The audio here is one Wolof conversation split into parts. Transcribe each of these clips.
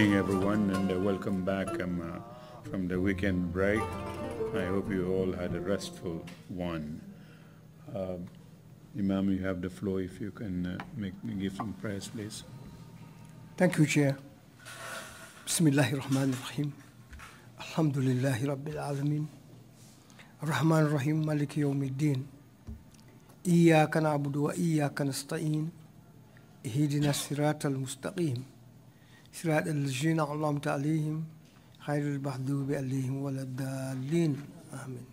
morning, everyone, and uh, welcome back um, uh, from the weekend break. I hope you all had a restful one. Uh, Imam, you have the floor if you can uh, make, give some prayers, please. Thank you, Chair. Bismillahir Rahmanir Rahim. Alhamdulillahi Rabbil Alameen. Ar-Rahman Rahim Maliki Yawmiddin. إياك نعبد وإياك نستعين اهدنا الصراط المستقيم صراط الذين أنعمت عليهم خير المغضوب عليهم ولا الضالين آمين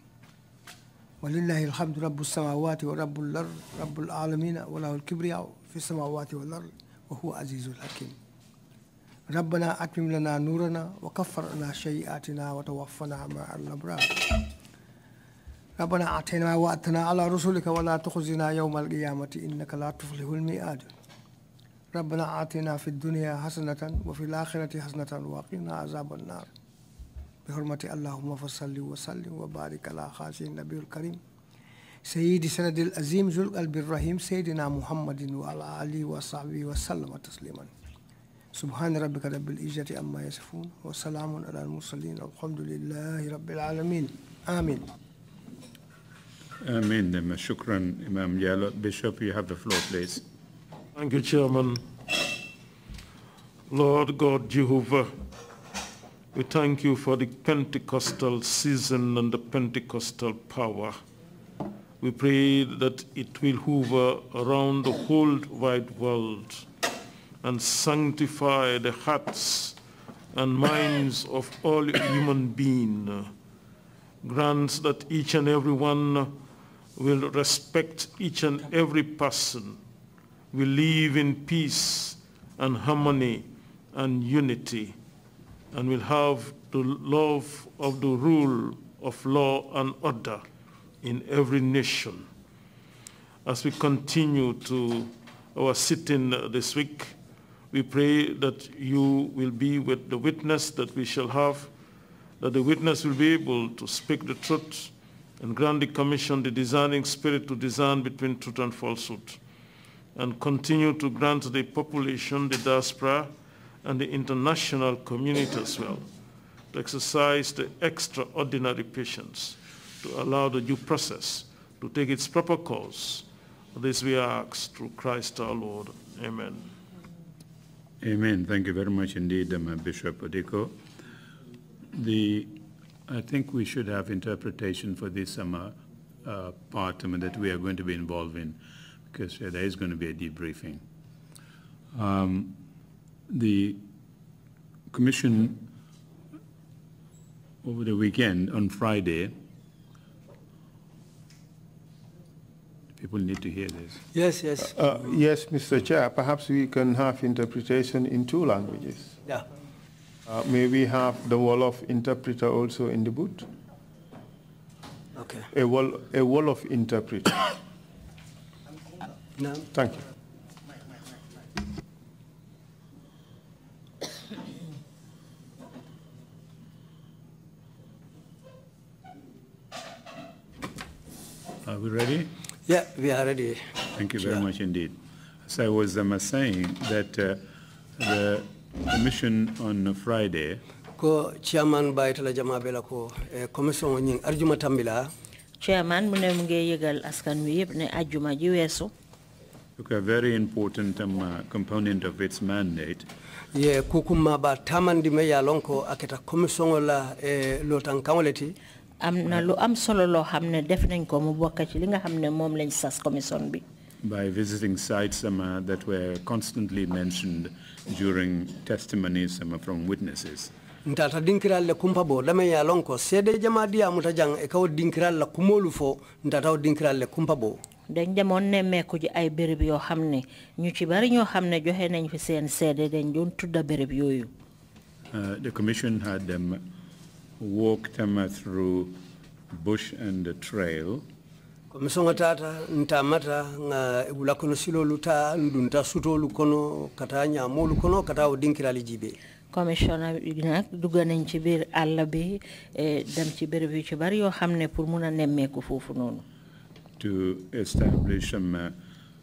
ولله الحمد رب السماوات ورب الأرض رب العالمين وله الكبرياء في السماوات والأرض وهو عزيز الحكيم ربنا أتمم لنا نورنا وكفر لنا شيئاتنا وتوفنا مع الأبرار ربنا أعطنا وأتنا على رسلك ولا تخزنا يوم القيامة إنك لا تفلح الميعاد ربنا آتنا في الدنيا حسنة وفي الآخرة حسنة وقنا عذاب النار بحرمة اللهم فصلي وسلم وبارك على خاشي النبي الكريم سيد سند العظيم ذو القلب الرحيم سيدنا محمد وعلى آله وصحبه وسلم تسليما سبحان ربك رب العزة عما يصفون وسلام على المرسلين والحمد لله رب العالمين آمين آمين شكرا إمام Jalal. Bishop, يو هاف ذا فلور بليز Thank you, Chairman. Lord God Jehovah, we thank you for the Pentecostal season and the Pentecostal power. We pray that it will hover around the whole wide world and sanctify the hearts and minds of all human beings. Grant that each and every one will respect each and every person we live in peace and harmony and unity and we will have the love of the rule of law and order in every nation. As we continue to our sitting this week, we pray that you will be with the witness that we shall have, that the witness will be able to speak the truth and grant the commission the discerning spirit to discern between truth and falsehood and continue to grant the population, the diaspora, and the international community as well to exercise the extraordinary patience to allow the due process to take its proper course. This we ask through Christ our Lord. Amen. Amen. Thank you very much indeed, uh, Bishop Odiko. The, I think we should have interpretation for this summer uh, uh, part I mean, that we are going to be involved in because there is going to be a debriefing. Um, the Commission over the weekend, on Friday, people need to hear this. Yes, yes. Uh, uh, yes, Mr. Chair, perhaps we can have interpretation in two languages. Yeah. Uh, may we have the wall of interpreter also in the boot? Okay. A wall, a wall of interpreter. No. Thank you. Are we ready? Yeah, we are ready. Thank you very yeah. much indeed. As I was um, saying that uh, the commission on Friday ko chairman baytala jama bela ko eh, commission ñing arjuma tambila chairman mu ne mu ngi yëgal askan wi yëpp ne ajjuma ji weesu Look, a very important um, uh, component of its mandate. kukuma ba tamandi me ya lonko aketa eh, Am na am solo lo hamne mom sas bi. By visiting sites um, uh, that were constantly mentioned during testimonies um, uh, from witnesses. ntata dinkiral le kumpa bo lame ya lonko sede dinkiral la ntata dinkiral le kumpa bo. dañ demoon nemmeeku ji ay béréb yoo xam ne ñu ci bari ñoo xam ne joxe nañ fi seen seede dañ doon tudda béréb yooyu. Uh, the commission had them walk them through bush and the trail. komisonga tata mata, nga ebula kono silolu ta ndunta sutolu kono kata ñamolu kono kata o dinkirali jibe commissioner bi nag dugga nañ ci biir àll bi eh, dem ci béréb yu ci bari yoo xam ne pour mun a nemmeeku foofu noonu to establish um, uh,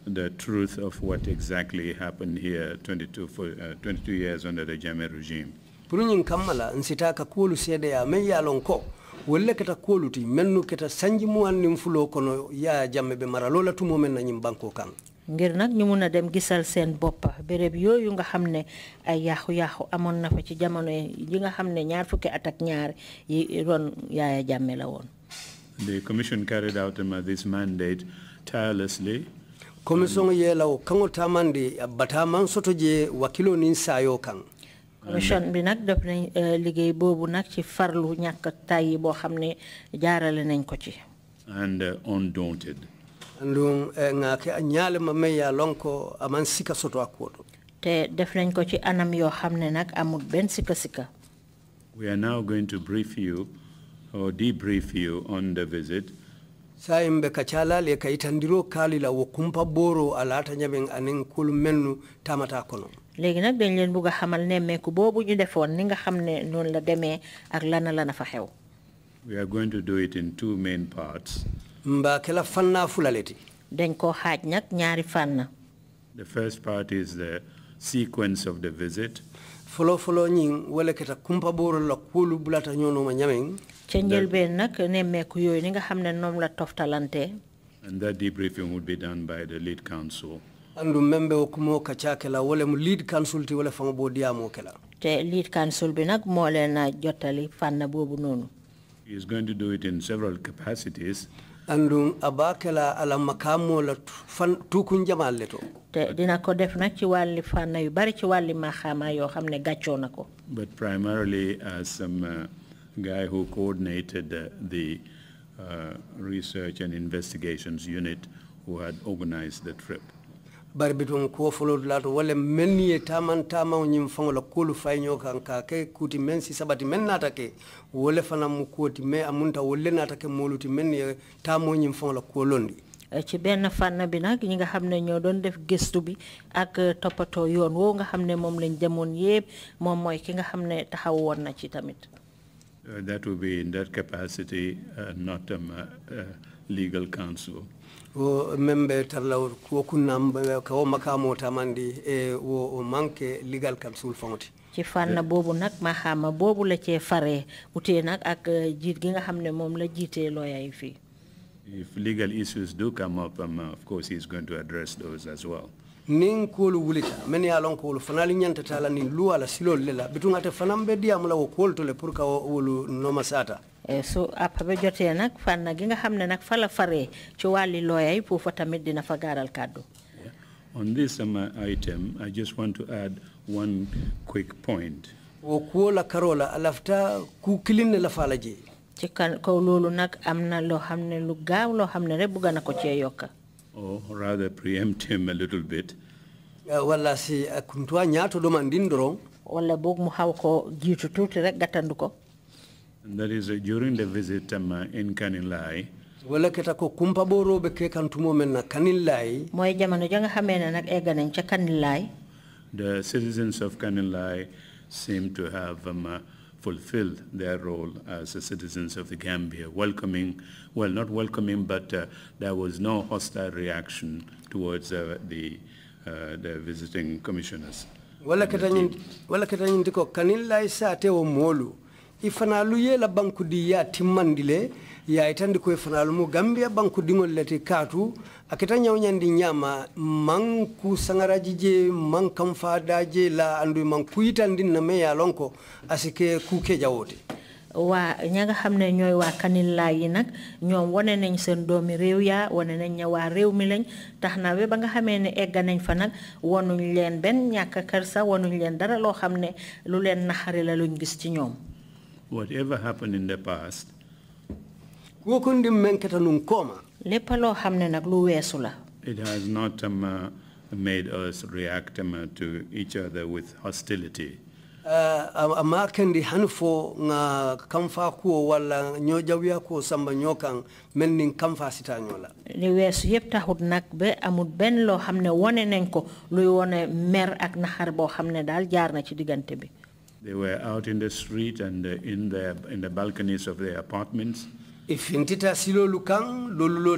the truth of what exactly happened here 22, for, uh, 22 years under the Jammeh regime. Purunin kammala nsitaka kuolu sede ya men ya lonko welle keta kuolu ti mennu keta sanji muwan nin fulo kono ya jamme be maralola lola tumo na nyim banko kan ngir nag ñu mun dem gisal seen bopp béréb yooyu nga xam ne ay yaaxu-yaaxu amoon na fa ci jamono yi nga xam ne ñaar fukki at ak ñaar yi ron yaaya jàmme la woon the Commission carried out um, this mandate tirelessly. Commission yela law kango tamandi bataman soto je wakilo nin sayo kan. Commission binak nak def nañ eh, liggéey boobu nag ci farlu ñàkk tàyyi boo xam jaarale nañ ko ci. And uh, undaunted. Andum eh, ngake ñaale ma may ya lonko aman sika soto akoto. Te def nañ ko ci anam yoo xam ne nag amul sika sika. We are now going to brief you or debrief you on the visit. tamata kono ñu defoon ni nga la ak fa xew we are going to do it in two main parts fulaleti ñaari the first part is the sequence of the visit folo folo ñing wala keta kumpa la bulata ca njëlbeen nag nemmeeku yooyu ni nga xam ne noom la toftalante. and that debriefing would be done by the lead council. andu membe o kumo ka cakela wala mu lead council ti wala fanga bo diamo kela te lead council bi nak mo leena jotali fanna bobu nonu he is going to do it in several capacities andu abakela ala makamo la fan tukun jamal leto te dina ko def nak ci walli fanna yu bari ci walli ma xama yo xamne gaccio nako but primarily as uh, some uh, guy who coordinated uh, the uh, research and investigations unit who had organized the trip. bari bitum ko folod lato wala men taman tama nyim fangola kulu fayno kan ka ke kuti men si sabati men nata ke wala me amunta wala nata ke moluti men ye tamo nyim fangola kolondi ci benn fànn bi eh, nag ñi nga xam ne ñoo doon def ak toppatoo yoon woo nga xam ne moom lañ demoon yépp moom mooy ki na ci uh, that would be in that capacity, uh, not um, legal counsel. wo membe tarlawol wo wo makamo tamandi e wo manque legal counsel fonti ci fànn boobu nag boobu la cee faree utee nag ak jiit gi nga xam ne moom la jiitee If legal issues do come up, um, of course he's going to address those as well. nin kuolu wulita men ye lon ko wolu fanali ñantata la nin luwa la silolu le la bituŋate fanaŋ be diyamu la wo kuolu to le pour ka wolu noma sata e so apa be jotee nag fan na gi nga xam ne nag fa la faree ci wàlli looya yi fa tamit dina fa gaaral kàddu on this um, item i just want to add one quick point wo kuwo la karoo la a ku kilin ne la faa la jee ci kaw loolu nag am na loo xam ne lu gaaw loo xam ne rek bugga na ko cee yokka or rather preempt him a little bit. Uh, walla si uh, kuntuwa ñaato ɗum an ɗin doron walla boog mo haw ko jiitu tuuti rek gattandu ko and that is uh, during the visit um, uh, in Kanilai walla keta ko kumpa ɓoroɓe beke kantumo men na Kanilai moye jamano janga hamena nak e ganen Kanilai the citizens of Kanilai seem to have um, uh, fulfill their role as citizens of the Gambia, welcoming, well, not welcoming, but uh, there was no hostile reaction towards uh, the, uh, the visiting commissioners. wala kata wo ye la ya ya mu akita ñawñandi ñama man ku sangaraji fadaje la andu man kuyitandin na me ya asike kuke jawote waa ña nga xam ne ñooy waa yi nag ñoom wane nañ seen doomi réew yaa wane nañ ña waa réew mi lañ tax na ba nga xamee ne egga nañ fa nag wanuñ leen benn ñàkk kersa wanuñ leen dara loo xam lu leen naxari la luñ gis ci ñoom whatever happened in the past wokondim men ketanun kooma it has not um, uh, made us react um, uh, to each other with hostility. Uh, amma kendi hanfo nga kamfa kuo wala nyojawia kuo samba nyokan men kamfa sita nyola ni wess yep taxut nak be ben lo mer ak dal na bi they were out in the street and uh, in the in the balconies of their apartments silolu kan lolu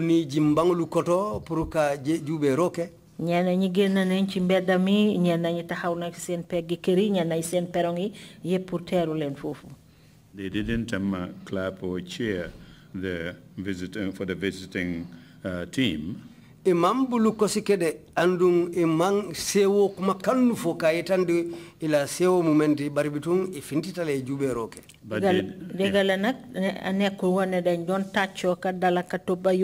ni koto roke ñi génn nañ ci mi ñi taxaw nañ seen kër yi ñi seen perong yi yépp pour teeru leen foofu They didn't um, clap or cheer the visit, for the visiting uh, team imam bulu kosikede sewo kuma fo ila sewo e fintitale dañ ka dala ka pour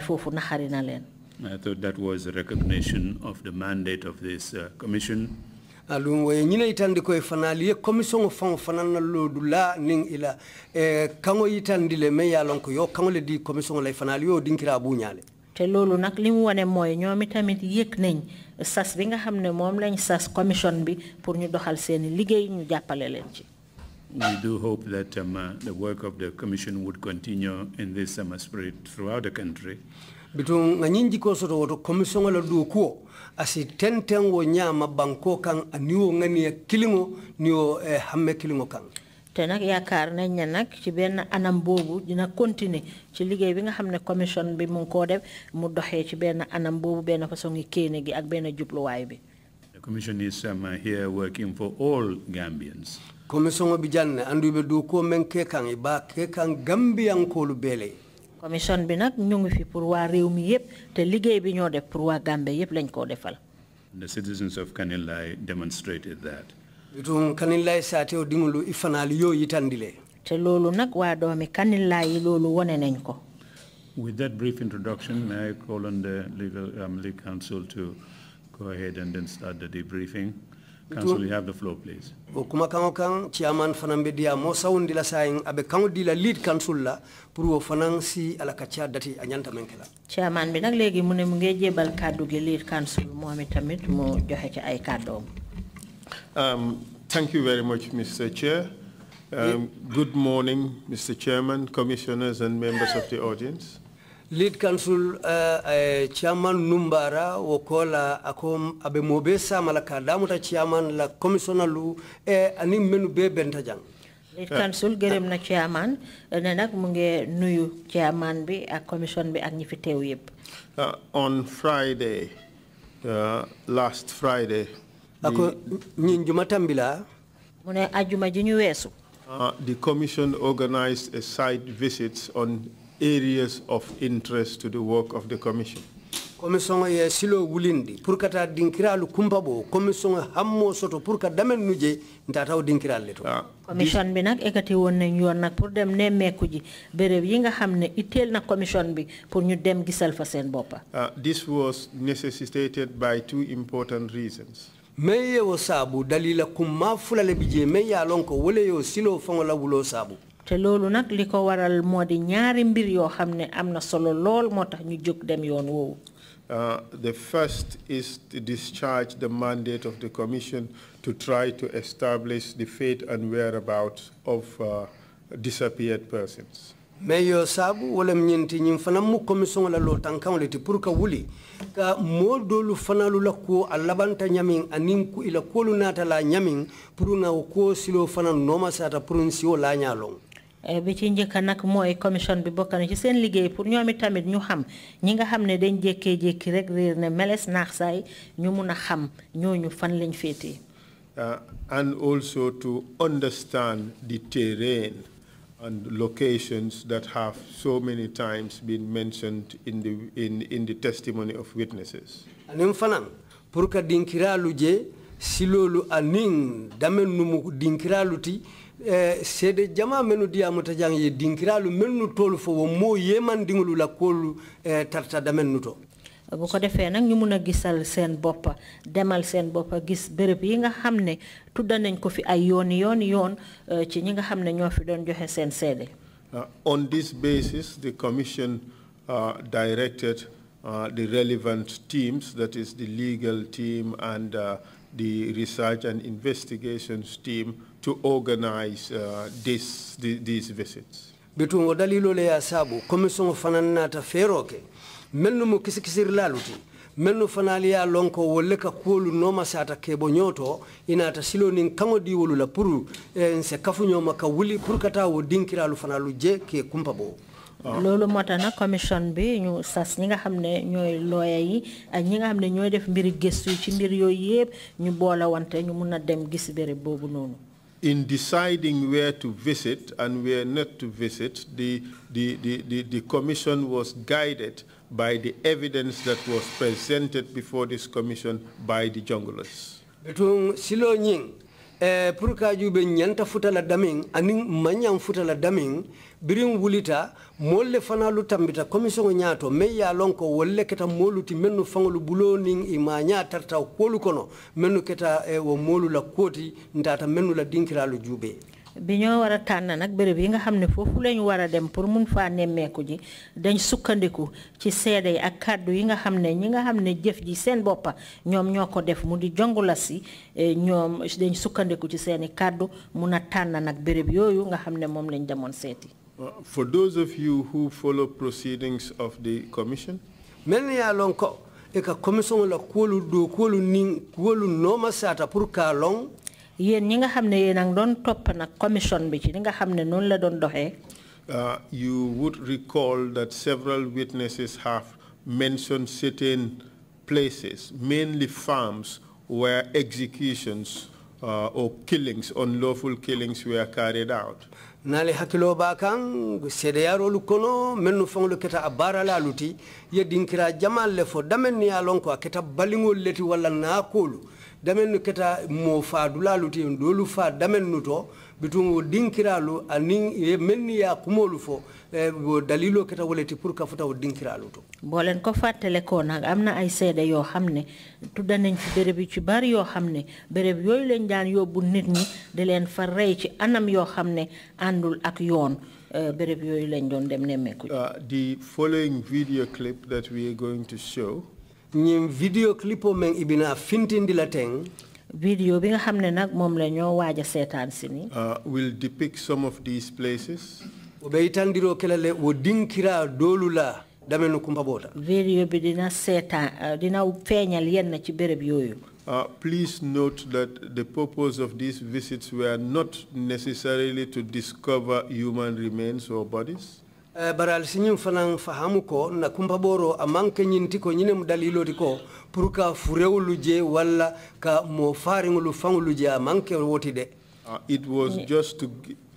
ko tamit ne I thought uh, that was a recognition of the mandate of this uh, commission alum waye ñina itandi koye fanali ye commission fo faŋo na loodu la ning ila e eh, kaŋo itandi le meŋ ye ko yo kango le di commission lay fanali yo dinkira bu ñale te loolu nag li mu moy mooy ñoom yek nañ sas bi nga xam ne moom lañ sas commission bi pour ñu doxal seeni liggéey ñu jàppale leen ci We do hope that um, uh, the work of the commission would continue in this um, uh, spirit throughout the country. Bitu nga ñin jiko soto woto commission la do ko asi tentenwo ñaama banko kan aniwo ŋaniya kiliŋo niwo eh, hamme kiliŋo kan te nag yaakaar nañ ne nag ci benn anam boobu dina continuer ci liggéey bi nga xam ne commission bi mu koo def mu doxee ci benn anam boobu benn façon ngi kéene gi ak benn jubluwaay bi the commission um, bi janne andu be du ko men ke kan ba ke kan gambiyan ko lu commission bi nag ñu ngi fi pour waa réew mi yëpp te liggéey bi ñoo def pour waa yëpp lañ defal. The citizens of Kanilai demonstrated that. Bitum Kanilai saateo dimulu ifanali yo yitandile. Te lolu nak wa doomi lolu wone nañ ko. With that brief introduction, may I call on the legal um, legal counsel to go ahead and then start the debriefing. Council, you have the floor, please. o kuma Chairman, fanambedia mosaundi la saayiŋ abe be la lead council la puro fanansi fanaŋ si ala ka caa dati a ñanta meŋ ke la ciyaman bi nag léegi lead council moom tamit mu joxe ci ay um, thank you very much Mr. Chair um, good morning Mr. Chairman commissioners and members of the audience lead council uh, uh, chairman numbara wokola ako abe mobe malaka damu ta chairman la commissioner lu e eh, ani menu be benta jang lead council gerem na chairman eh, ne nak mu ngi nuyu chairman bi ak commission bi ak ñi fi yeb uh, on friday uh, last friday ako ñi juma tambila mu ne ajuma ji ñu wessu uh, the commission organized a site visit on areas of interest to the work of the commission. Commission ye silo wulindi pour kata dinkiralu kumpabo commission hammo soto pour ka damen nuje ndataw dinkiral leto commission ah, bi nak ekati won nañ yon nak pour dem nemeku ji berew yi nga xamne itel na commission bi pour ñu dem gisal fa sen bopa ah, this was necessitated by two important reasons meye wo sabu dalila kumma fulale bije me ya lonko wole yo silo fangola wulo sabu te loolu nag li ko waral moo di ñaari mbir yoo xam ne am na solo lool moo tax ñu jóg dem yoon woowu. Uh, the first is to discharge the mandate of the commission to try to establish the fate and whereabouts of uh, disappeared persons. mais yo saabu wolam ñinti ñin fana mu commission la lo tankan le ti pour ka wuli ka mool doolu fana lu la ko a labanta ñamin anin ku ila koolu naata la ñamin pour nga ko silo fana nooma sata pour n siwo la ñaa loŋ Eh, bi ci commission bi ci seen liggéey pour tamit ñu xam ñi nga xam ne dañ jékkee-jékki rek réer ne meles naax saay ñu mun a xam ñooñu fan lañ féetee uh, and also to understand the terrain and locations that have so many times been mentioned in the in in the testimony of witnesses anin fanan pour ka dinkiralu je silolu anin damen numu dinkiralu ti Eh, sede jama menu menu tolu mo yeman dingulu la kolu eh, tarta da menu to bu ko ñu seen demal seen gis yi nga nañ ko fi ay yoon yoon eh, yoon ci ñi nga fi doon joxe seen uh, on this basis the commission uh, directed uh, the relevant teams that is the legal team and uh, the research and investigations team to organize uh, this, these visits. bitungo wadali le ya sabu commission fana nata feroke melnu mu kisikisir laluti melnu fana ya lonko wolle ka kuolu noma sata kebo nyoto inata silo nin kango di wolu la pour en eh, se kafu nyoma ka wuli pour kata wo dinkiralu fana lu je ke kumpa bo ah. loolu moo tax commission bi ñu sas ñi nga xam ne yi ak ñi nga xam def mbiri gëstu ci mbir yooyu yëpp ñu boole wante ñu mun a dem gis béréb boobu noonu in deciding where to visit and where not to visit, the, the, the, the, the commission was guided by the evidence that was presented before this commission by the junglers. eh, pour kaajuɓe ñanta futala damin anin futa la damin birin wulita molle fanalu tambita commission o ñaato mais ya lon ko wolle keta moluti mennu faŋolu bulo nin ima ña tarta kolu kono mennu keta eh, wo molu la kooti ntata mennu la dinkiralu juuɓe bi ñoo war a tànn nag béréb yi nga xam ne foofu lañu war a dem pour mun faa nemmeeku ji dañ sukkandiku ci seede ak kàddu yi nga xam ne ñi nga xam ne jëf ji seen boppa ñoom ñoo ko def mu di jongula si e, ñoom dañ sukkandiku ci seeni kàddu mun a tànn nag béréb yooyu nga xam ne moom lañ demoon seeti. for those of you who follow proceedings of the commission. mel ni yaa ko e ka commission la kuolu do kuolu nin kuolu nooma saata pour kaa lon yéen ñi nga yéen doon commission bi ci nga la doon uh, you would recall that several witnesses have mentioned certain places, mainly farms, where executions uh, or killings, unlawful killings were carried out. hakilo keta abara la luti jamal le fo damen ko keta balingol leti wala na damel no keta mo faadulalu ti doolu faa damel no to bitum dinkiralu anin e menni ya kumolu fo e, bo dalilo keta woleti pour ka futa dinkiralu to boo leen ko fàttale ko nak am na ay sede yoo xam ne tudda nañ ci bereb ci bari yoo xam ne béréb yooyu leen daan yóbbu nit ñi de leen fa rey ci anam yoo xam ne àndul ak yoon e, béréb yooyu lañ doon dem nemmeeku uh, the following video clip that we are going to show ñim video clipo men ibina fintindi la teng video bi nga xamne nak mom la ñoo waja sétane ci ni uh, will depict some of these places obeytandiro kelale wo dinkira dolula damenu kumba bota video bi dina sétane uh, dina feñal yenn ci bërepp yoyu Uh, please note that the purpose of these visits were not necessarily to discover human remains or bodies. Eh, fahamu ko na ko je ka je woti de uh, it was yeah. just to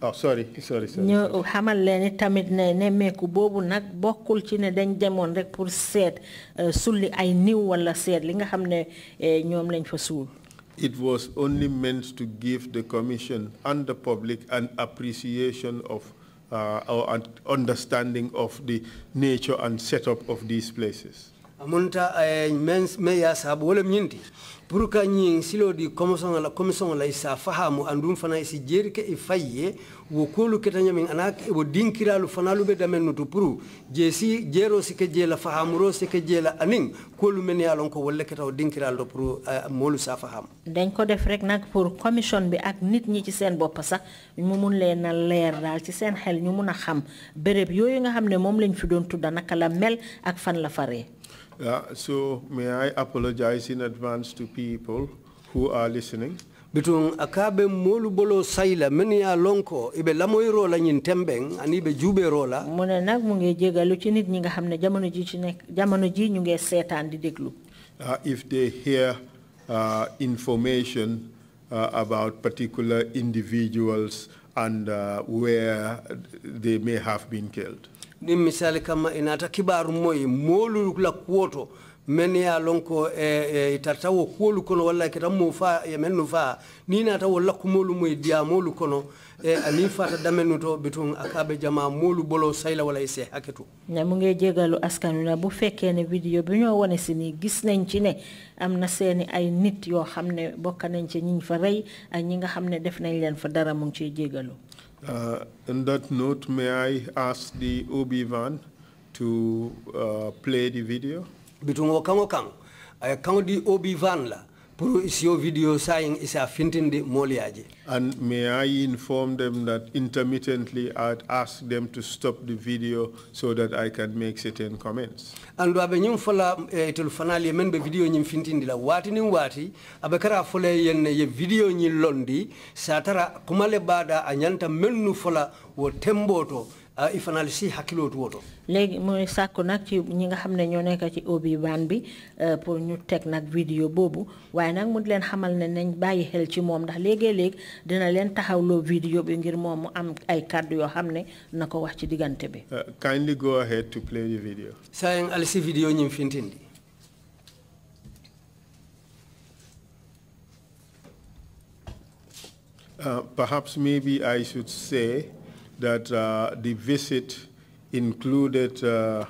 Oh, sorry, sorry, sorry. ñu xamal tamit ne ci ne dañ rek pour eh, sulli ay niw wala li nga lañ fa It was only meant to give the commission and the public an appreciation of uh, our understanding of the nature and setup of these places. Amunta eh, pour ka ñiŋ siloo di commission la commission la isa fahamu andum fana isi jeeri ke i fay wo kuolu keta anak ana eh, wo dinkiraalu fanaalu be dameŋ nutu pour jee si jeeroo si ke jee la fahamuroo si ke jee la aniŋ kuolu men ye a ko wolle keta wo dinkiraalu to pour eh, moolu sa fahamu dañ ko def rek nag pour commission bi ak nit ñi ci seen bopp sax mu mun leen a leer daal ci seen xel ñu mun a xam béréb yooyu nga xam ne moom lañ fi doon tudda naka la mel ak fan la faree Uh, so may I apologize in advance to people who are listening. bitun akabe molu bolo saila men ya lonko ibe lamoyro la ñin tembeng ani be jube rola. mu ne nag mu ngi jégalu ci nit ñi nga xam ne ji ci nekk jamono ji if they hear uh, information uh, about particular individuals and uh, where they may have been killed ni misali kama inata kibaru molu la kuoto men ya lonko e, e tarta wo kuwolu kono walla kita mo fa ye men no faa ni nata wo lakkumolu moye diyamolu kono e ani fata damenu to bitun akabe jama molu bolo sayla wala ise haketu na mu ngi jégalu askanu na bu fekkee ne vidéo bi ñoo wone si ni gis nañ ci ne am na seeni ay nit yoo xam ne bokk nañ ci ñiñ fa rey ak ñi nga xam ne def nañ leen fa dara mu ngi ciy jégalu Uh, on that note, may I ask the Obi Van to uh, play the video? Bitungo kango kang, ay di Obi Van la. And may I inform them that intermittently I'd ask them to stop the video so that I can make certain comments. And abe nyim fola eh, itul fanali men be video nyim fintindi la wati ni wati abe kara fola yen ye video nyi londi satara kumale bada anyanta menu fola wo tembo temboto eh, ifanalisi hakilotu woto léegi mooy sàkku nag ci ñi nga ñoo nekk ci obi bi euh, pour ñu vidéo mu di xamal ne nañ bàyyi xel ci ndax dina vidéo bi ngir mu am ay wax ci bi. Euh, kindly go ahead to play the video. saa yéen vidéo ñim fintindi. Euh, perhaps maybe I should say that uh, the visit included uh,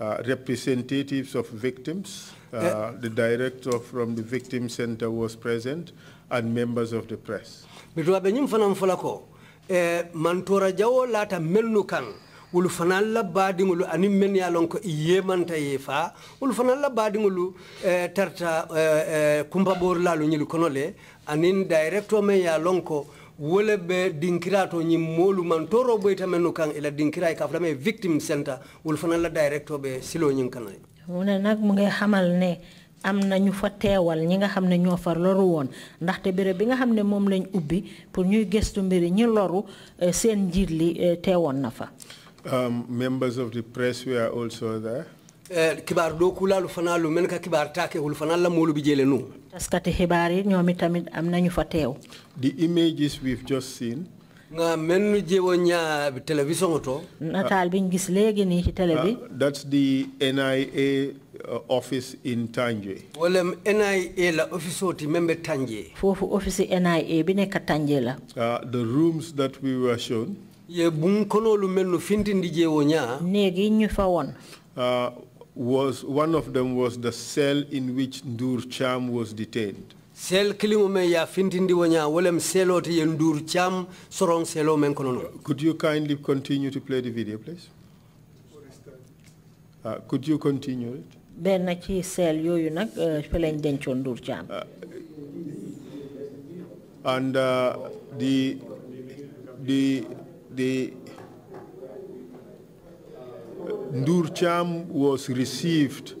uh, representatives of victims. Uh, eh. the director from the Victim Center was present and members of the press. Bitu abe nyim fanan folako, eh, mantora jawo lata melnu kan, wulu fanan la badingulu ani men ya lonko iye manta yefa, wulu fanan la badingulu eh, tarta kumbabor lalu nyilu konole, anin director men ya lonko wala be dinkira to ñim moolu man toro boy tamen no kan ila dinkira e kafra me victim center wol fana la directo be silo ñin kanay muna nak mu ngay xamal ne am na fa teewal ñi nga xam ne ñoo fa loru woon ndaxte béréb bi nga xam ne moom lañ ubbi pour ñuy gëstu mbiri ñi loru eh, seen njiit li eh, teewoon na fa um, members of the press are also there eh, kibar do kulalu fana lu men ka kibar take wol fana la moolu bi nu taskati xibaar yi ñoom tamit am nañu fa teew. the images we've just seen. nga melnu jewo ñaa télévision to. nataal biñ gis léegi nii ci télé bi. Ah, that's the NIA uh, office in Tanje. wala NIA la office ti membe Tanje. foofu office NIA bi nekk Tanje la. Ah, the rooms that we were shown. ye buñ konolu melnu fintindi jewo ñaa. néegi ñu fa woon. Ah, was one of them was the cell in which Ndur Cham was detained. Cell kilimu me ya fintindi wonya walem cello te yendur cham sorong cello men konono. Could you kindly continue to play the video please? Uh, could you continue it? Ben na cell yo yoyu nak uh, felen denchon dur cham. Uh, and uh, the the the Ndurcham was received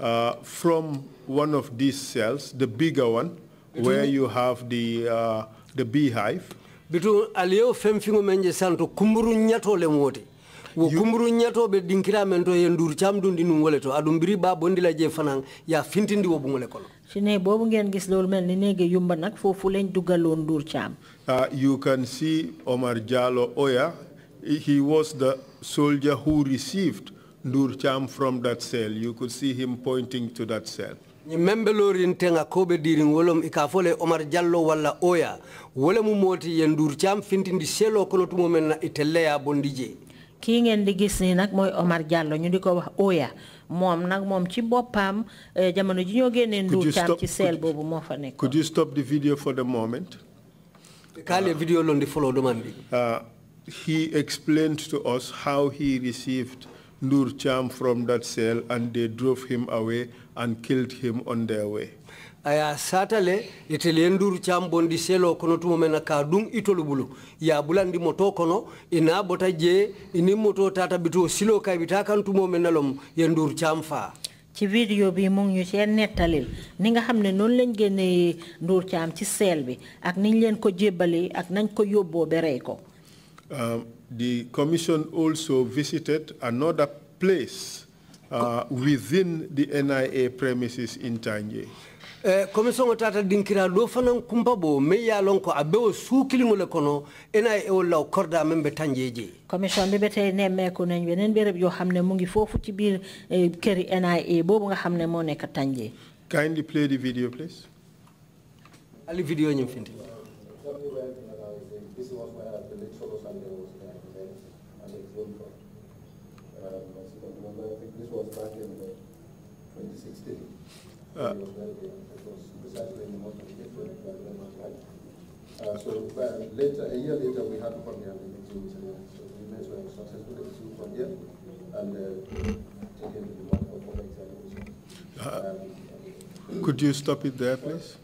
uh, from one of these cells, the bigger one, where you have the, uh, the beehive. bitu aliyo femfingo menje santo kumburu nyato le mwote wo kumburu nyato be dinkira men to yendur chamdun dinu wole to adum biri ba je fanan ya fintindi wo bungole kono sine bobu ngeen gis lol mel ni nege yumba nak fofu cham uh, you can see Omar Jallo Oya he was the soldier who received Nur Cham from that cell. You could see him pointing to that cell. Nyimembelorin tenga kobe dirin wolom ikafole Omar Jallo wala Oya. Wolemu moti yen Ndur Cham fintin di selo kono tumo men na iteleya bondije. kii ngeen di gis nii nag mooy Omar Jallow ñu di ko wax Oya moom nag moom ci boppam eh, jamono ji ñoo génnee Ndour Cham. ci seel boobu moo fa nekk. Could you stop the video for the moment. Kaale video loolu di follow demande bi. Uh, he explained to us how he received Nur Cham from that cell and they drove him away and killed him on their way. aya satale itele nduru chambondi selo kono tumomena ka dum itolu ya bulandi moto kono ina bota je ini moto tata bito silo kay bitakan tumomena lom ye Cham fa ci vidéo bi mu ngi ñu see ni nga xam ne noonu lañ génnee nduur caam ci seel bi ak niñ leen ko jébbalee ak nañ ko yóbboo ba ko um, the Commission also visited another place uh, within the NIA premises in Tanje. Eh, commission o dinkira ɗo fanan kumpabo mai yalon ko a kono ena e o law korda men tanjeje commission ɓe ɓete nemme ko nen yo hamne keri nia kindly play the video please ali video ñim fintinde in 2016. Uh, uh, so uh, later, a year later, we had to come here and successfully from here and uh, to the for um, could you stop it there, please?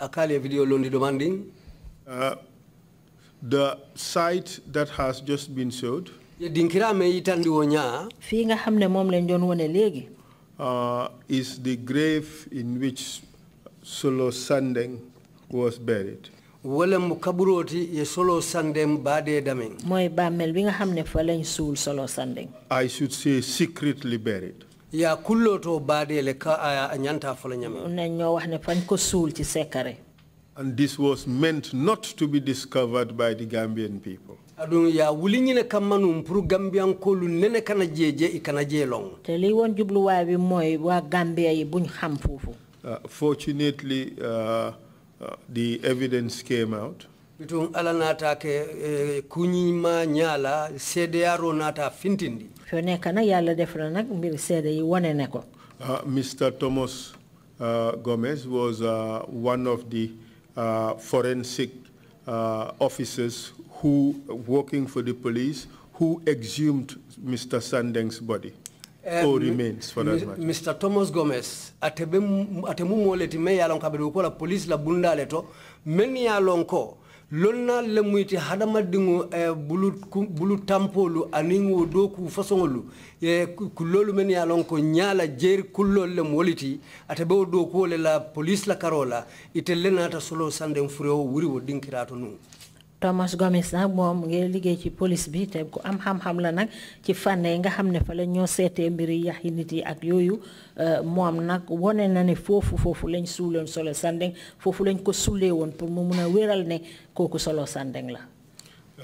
Akali video londi demanding. Uh, the site that has just been showed fii uh, is the grave in which Solo Sandeng was buried. wala mu kaburoti ye Solo Sandeng baadee dameng. mooy bàmmeel bi nga xam ne fa lañ suul Solo Sandeng. I should say secretly buried. yaa kulloo to baadee le ka a ñanta fa la ñame. nañ ñoo wax ne fañ ko suul ci sekkare. And this was meant not to be discovered by the Gambian people adun ya pour nene kana kana te li bi gambia yi buñ xam uh, fortunately uh, uh, the evidence came out bitum ala ke fintindi fo yàlla def na mbir yi wone ne ko uh, mr thomas uh, gomez was one of the forensic officers who working for the police who exhumed Mr. Sandeng's body um, eh, or remains for that matter. Mr. Thomas Gomez atebe atemu mole time yalon kabere ko la police la bundale to men yalon ko lonna le hadama dingu e eh, bulu bulu tampolu aningu doku fasongolu e eh, kullolu men yalon ko nyaala jeer kullol le moliti atebe doku la police la karola itelena lenata solo sanden furo wuri wo dinkirato nu Thomas gomis nag moom ngi liggéey ci police bi te ko am xam-xam la nag ci fànne nga xam ne fa la ñoo seetee mbiri yax yi nit yi ak yooyu ee, moom nag wone na ne foofu foofu lañ suuloon solo sandeng foofu lañ ko suulee woon pour mu mun a wéral ne kooku solo sandeng la.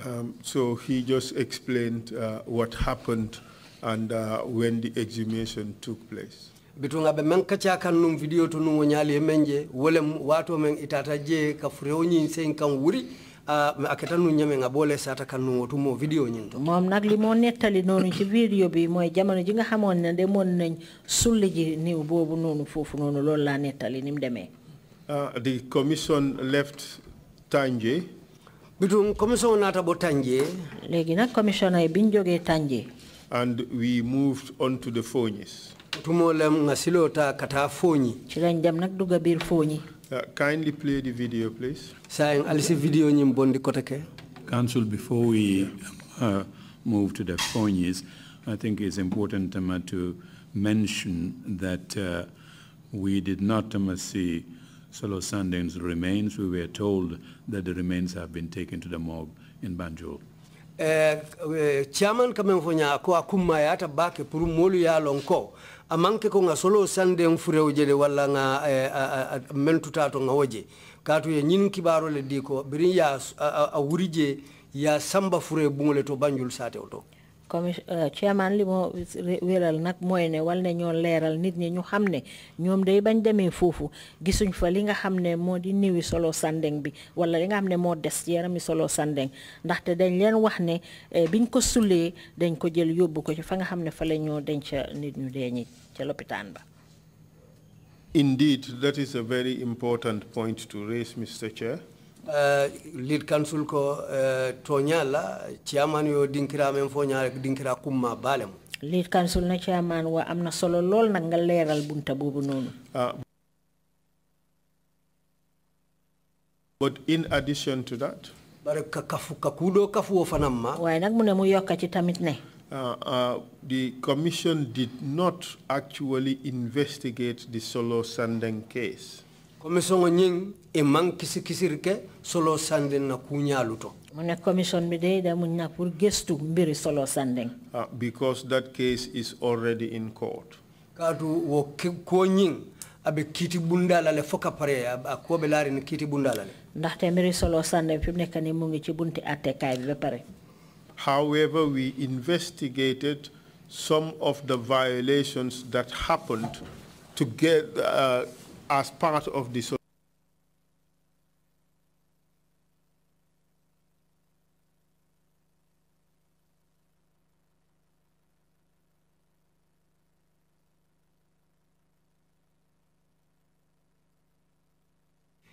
Um, so he just explained uh, what happened and uh, when the exhumation took place. bitunga be men ca kan num video to num nyali menje wolem wato men itata je ka furew nyin sen kan wuri Ah, a ketan nu ñame nga boole saata kan nu wotu moo vidéo ñin to moom nag li moo nettali noonu ci vidéo bi mooy jamono ji nga xamoon ne demoon nañ sulli ji niw boobu noonu foofu noonu loolu laa nettali ni mu demee di ah, commission left Tanje bitum commission naata bo Tanje léegi nag commissioner yi bi ñu jógee Tanje and we moved on to the Fonies tumoo lem nga siloo taa kataa fooñi ci lañ dem nag dugga biir fooñi Uh, kindly play the video, please. Saying, alisi video nyim bondi koteke. Council, before we uh, move to the ponies, I think it's important um, to mention that uh, we did not um, see Solo Sunday's remains. We were told that the remains have been taken to the morgue in Banjul. Eh, eh, chairman kamen fo ñaa ko eh, a ata baake pour moolu ye lon ko a ko ŋa solo sanden furew je de walla ŋa mentuta to ŋa katu je kaatu ye ñin kibaaro le di ko birin ya a wuri je ya samba fure buŋo le to banjul saatew to Euh, chairman li wéral ne wal ne nit ñi ñu day bañ gisuñ fa li nga niwi solo sandeng bi wala li nga solo sandeng dañ leen wax ne eh, biñ ko dañ ko jël yóbbu ko ci fa nga fa denc nit ñu ba Indeed, that is a very important point to raise, Mr. Chair. Uh, lead council ko uh, chairman yo dinkira men fo nyaare dinkira kumma balem lead council na chairman wa amna solo lol nak nga leral bunta bobu uh, but in addition to that bare ka kafu ka kudo kafu wo fanamma way nak mu tamit ne Uh, uh, the commission did not actually investigate the Solo Sanden case commission e man kisi solo sanden na commission bi da muñ na pour gestu mbiri solo sanden ah, because that case is already in court kadu wo ko abe kiti bundala le foka pare ko be laari ni kiti bundala le mbiri solo sanden ni mu ngi ci bunti atté kay bi pare however we investigated some of the violations that happened to uh, as part of the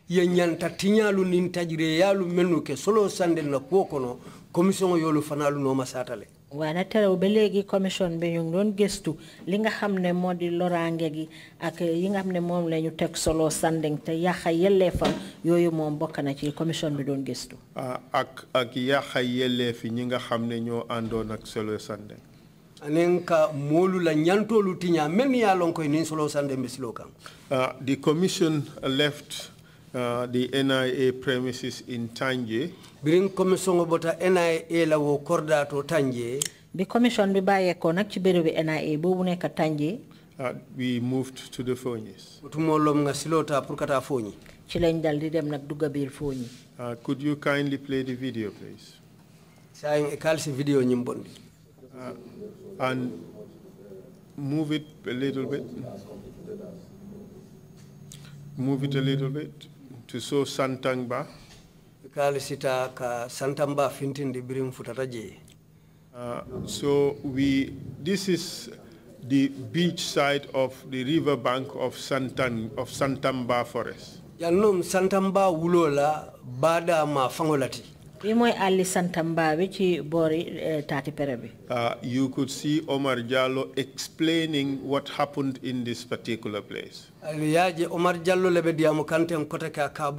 ye ñanta tiñaalu nin tajire yaalu solo sande na kuwo kono yolu fanalu waaye na terew ba léegi commission bi ñu ngi doon gëstu li nga xam ne moo di loraange gi ak yi nga xam ne moom la ñu teg solo Sanding te yàq yelleefam yooyu moom bokk na ci commission bi doon gëstu. ak ak yàq fi ñi nga xam ne ñoo àndoon ak solo Sanding. anen ka moolu la ñantoolu tiñaa men ye lon koy ni solo Sanding be siloo kan. the commission left. Uh, the NIA premises in Tanje. Bring commission obota NIA la wo korda to Tanje. The commission bi buy a nak to berebu NIA bobu nek Tanje. Uh, we moved to the Fonies. Otumo lom nga silota pour kata Foni. Ci dal di dem nak dugga bir Foni. Uh, could you kindly play the video please? Saying e kalsi video ñim bondi. and move it a little bit. Move it a little bit so santangba kali sita ka santamba fintindi birim futata uh, so we this is the beach side of the river bank of santan of santamba forest Yalum santamba wulola bada ma fangolati bi eh, uh, you could see Omar Jallo explaining what happened in this particular place yaaje Omar Jallow le ɓe ka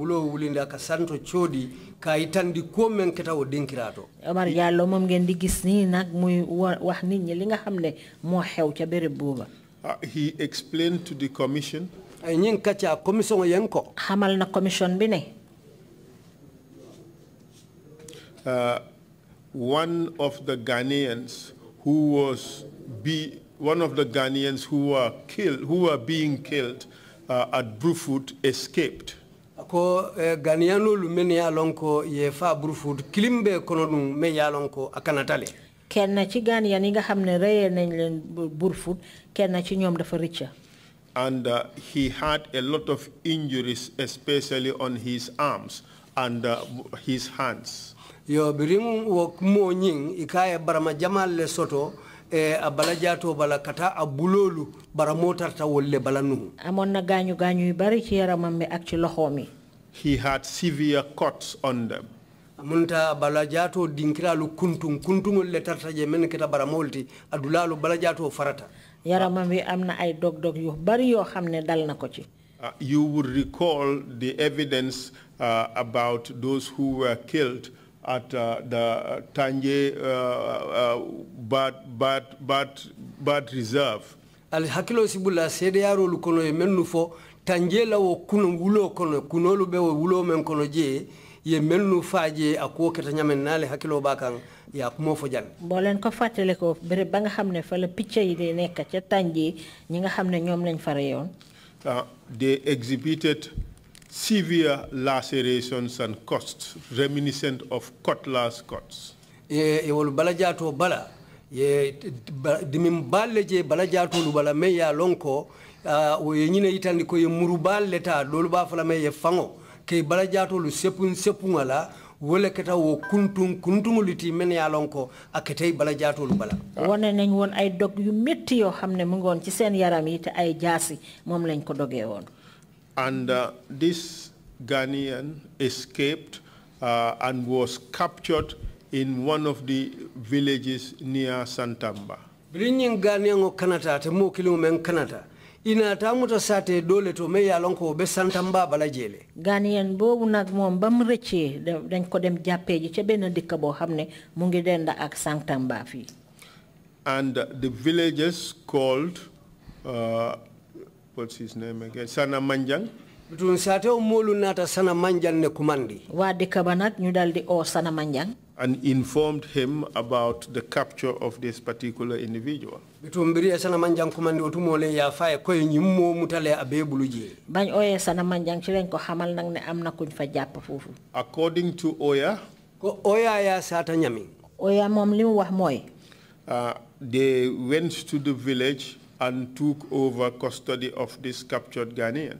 to Omar Jallow moom ngeen di gis nii nag muy wax nit ñi li nga xam ne xew ca béréb booba uh, he explained to the commission ñing kacca commission yen xamal na commission bi ne uh, one of the Ghanaians who was be one of the Ghanaians who were killed, who were being killed uh, at Brufut escaped. Ako eh, Ghanaiano lumeni alonko yefa Brufut kilimbe kononu me yalonko akanatale. kenn ci Ghanaian yi nga xam ne reyee nañ leen Brufut kenn ci ñoom dafa rëcca. and uh, he had a lot of injuries, especially on his arms and uh, his hands yo wo ikaye barama jamal le soto bala kata bara bala amon na gañu gañu yu bari ci yaramam ak ci he had severe cuts on them bala kuntum le tarta je men bara molti adulalu bala farata yaramam wi ay dog dog yu bari dal uh, you would recall the evidence uh, about those who were killed at uh, the Tanje uh, Bat, uh, Bat, Bat, Bat Reserve. hakilo sibula lukono ye tanje la wo kuno wulo kono wo wulo men kono je ye ya jan ko ko bere uh, they exhibited severe lacerations and cuts reminiscent of cutlass cuts. ye wol bala bala ye dimin balle je bala jaatolu me lonko o ye ñine ko ye muru balle ta ba fala me fango ke bala jaatolu sepun sepunga wala kata wo kuntun kuntumul men ya lonko akatay bala jaatolu bala nañ won ay dog yu metti yo xamne mu ngon ci seen yaram yi te ay jaasi mom lañ ko doge won and uh, this Ghanaian escaped uh, and was captured in one of the villages near Santamba. Brinyin Ghanaian o Canada, te mo kilo Canada. Ina ta sate dole to me yalon be Santamba balajele. jele. Ghanaian bobu nak mom bam recce dañ ko dem jappé ji ci ben dikka bo xamne mu ngi denda ak Santamba fi. And the villages called uh, what's his name again? Sana Manjang. dun sate o molu nata Sana Manjang ne kumandi. Wa dëkk kabanat nag ñu daldi oh, Sana Manjang. and informed him about the capture of this particular individual. bitumbiri sana manjang kumandi otumole ya faye ko nyimmo mutale abe buluji. bañ oye sana manjang ci lañ ko xamal nak ne amna kuñ fa japp fofu according to oya ko oya ya sata nyami oya mom limu wax moy uh, they went to the village and took over custody of this captured Ghanaian.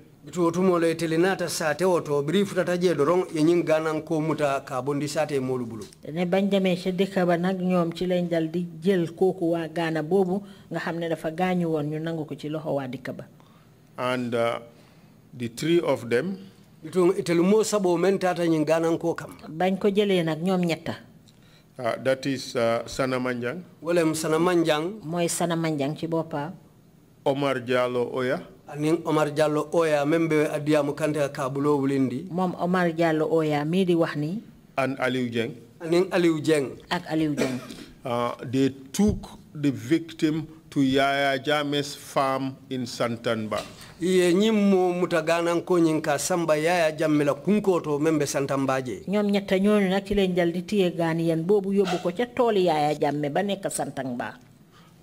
ne bañ demee ca dëkk ba nag ñoom ci lañ dal di jël kooku waa Gaana boobu nga xam ne dafa gaañu woon ñu nangu ko ci loxo waa dëkk ba. and uh, the three of them. itelu moo saboo men taata ñi Gaana koo kam. bañ ko jëlee nag ñoom ñetta uh, that is uh, Sana Manjang. wala Sana Manjang. mooy Sana Manjang ci boppam. Omar Diallo Oya. anin Omar Diallo Oya men be adiyamu moom Omar Diallo Oya mii di wax ni. an Aliou Dieng. ak Aliou Dieng. Ah, they took the victim to Yaya Jame's farm in Santanba. iye ñiŋ mu muta gaanankoñiŋ ka samba yaya jamme la kunkoo to santanbaa je ñoom ñetta ñooñu nag ci leen jaldi tiye gaaniyen boobu yóbbu ko ca tooli yaya jamme ba nekk santanbaa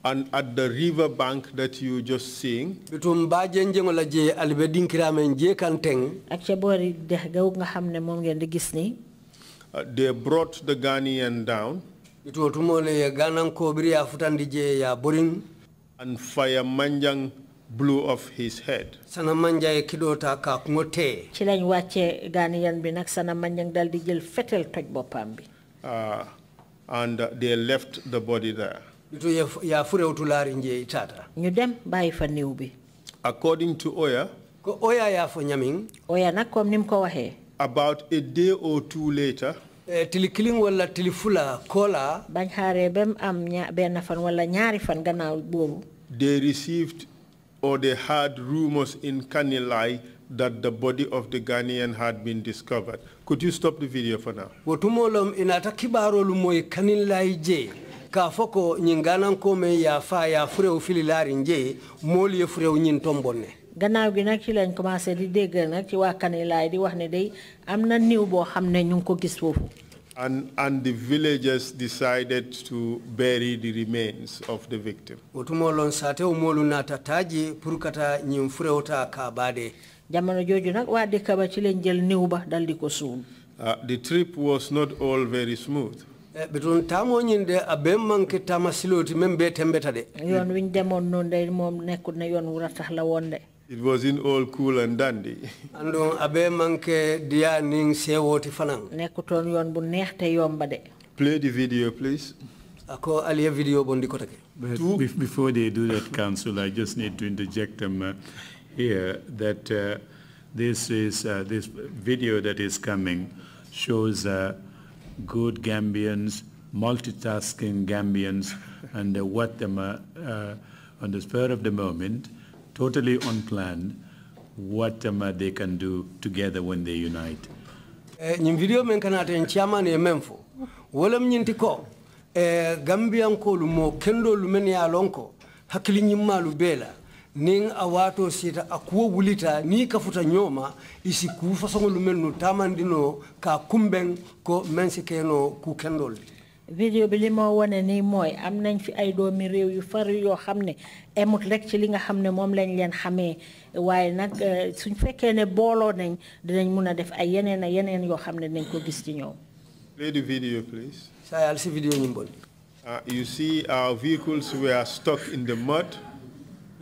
and at the river bank that you just seeing bitum ba jenjeng la je albe dinkiramen je kanteng ak ca bori dex gaw nga xamne mom ngeen di gis ni uh, they brought the Ghanaian down bito tumone ya ganan ko biri ya futandi je ya borin and fire manjang blew off his head sana manjay kidota ka ngote ci lañ wacce Ghanaian bi nak sana manjang dal di jël fetel toj bopam bi uh, and they left the body there utulari nje itata nyudem bai according to oya ko oya ya fo oya nakom nim ko wahe about a day or two later eh, tilikiling wala tilifula kola bañ bem am ben fan wala ñaari fan they received or they heard rumors in Kanilai that the body of the Ghanaian had been discovered. Could you stop the video for now? Wotumolom inata kibaro Kanilai je. k'a fɔ ko ɲin gananko min yafa fili fililari nje moolu ye furew ɲin ton bonne gannaaw gi nag ci lañ commencé di dégg nag ci waa laay di wax ne day am na niw boo xam ne ñu ngi ko gis foofu And, and the villagers decided to bury the remains of the victim. Utumolon sate umolu natataji purukata nyimfureuta kabade. Jamano joju nak wa dekaba ci len jël niw ba dal di ko suul. Uh, the trip was not all very smooth. Eh, be tembeta de wiñ de ne la It was in all cool and dandy. manke dia ning sewoti fanang. Nekuton yon bu yomba de. Play the video please. Ako video bondi kotake. But before they do that council I just need to interject them um, uh, here that uh, this is uh, this video that is coming shows uh, good Gambians, multitasking Gambians, and uh, what them uh, on the spur of the moment, totally unplanned, what them um, are uh, they can do together when they unite. ñin eh, video men kana ten chairman e men fo wolam eh, gambian ko lu mo kendo lumeni alonko hakili lonko lubela. ning awato sita siita a wulita ni kafuta ñooma isi kufa façoŋolu mel nu taamandinoo ka kumben ko mensi keno ku kendol vidéo bi li moo ni mooy am nañ fi ay doomi réew yu fari yoo xam ne emut rek ci li nga xam ne moom lañ leen xamee waaye nag eh, suñ fekkee ne booloo nañ dinañ mun a def ay yeneen a yeneen yoo xam ne nañ ko gis ci ñoom play the video please say al si vidéo ñimbol mbol ah, you see our vehicles were stuck in the mud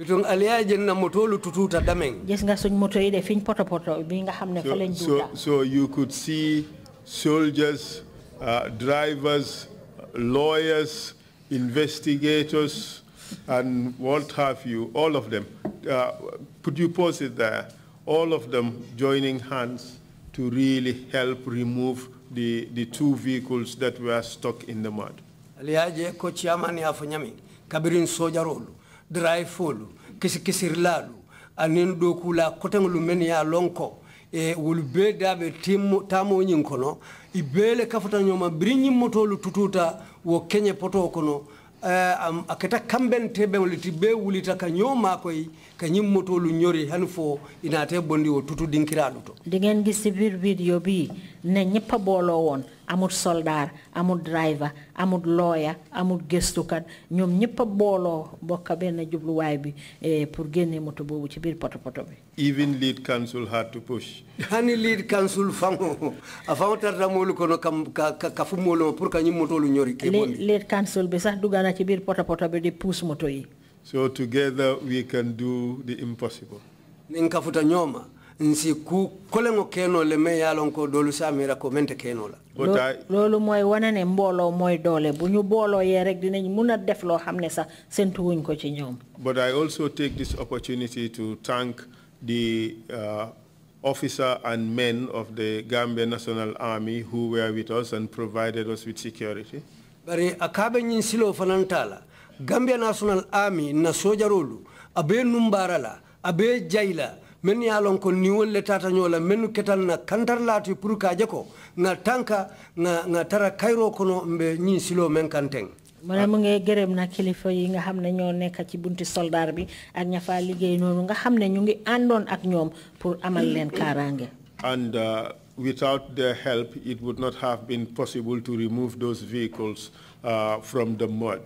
itong aliya jeng moto lu tututa dameng gis nga moto yi fiñ poto poto bi nga xamne fa lañ so you could see soldiers uh, drivers lawyers investigators and what have you all of them uh, could you pause it there all of them joining hands to really help remove the, the two vehicles that were stuck in the mud. Aliyaje ko chairman afanyami. fanyami kabirin sojarolu dry folu kisi kisirlalu anin dokula kotenglu men ya lonko e wolu be daɓe tamoñin kono i beele kafata ñoma biri ñimmotolu tututa wo keñe poto kono uh, e, um, aketa kamben teɓeŋoliti be wulita ka ñoma koye kañum moto lu ñori han fo te bondi o tutuddinkiraɗo to di ngeen gis si video bi ne ñëpp a booloo woon amul soldar amul driver amul lawyer amul gëstukat ñoom ñëpp a booloo ben benn jubluwaay bi eh, pour génne moto boobu ci biir poto poto bi even lead council had to push hani lead council fango a fango tartamolu kono kam ka ka fumolo pour kañum moto lu ñori lead council bi sax dugana ci biir poto poto bi di pousse moto yi So together we can do the impossible. Ninkafuta nyoma nsi ku kolengo keno le me yalon ko dolu samira ko mente keno la lolu moy wonane mbolo moy dole buñu bolo ye rek dinañ mëna def lo xamne sax sentu wuñ ko ci ñoom but i also take this opportunity to thank the uh, officer and men of the Gambia National Army who were with us and provided us with security bari akabe ñin silo fanantala gambia national army na sojarolu abe numbarala abe jaila men ya lon ko wolle le nyola men ketal na kantar lati pour ka jeko na tanka na na tara kayro kono mbe ñin silo men kanteng mana mo ngay gërëm na kilifa yi nga xam ne ñoo nekk ci bunti soldar bi ak ña liggéey noonu nga xam ne ñu ngi àndoon ak ñoom pour amal leen kaaraange and uh, without their help it would not have been possible to remove those vehicles uh, from the mud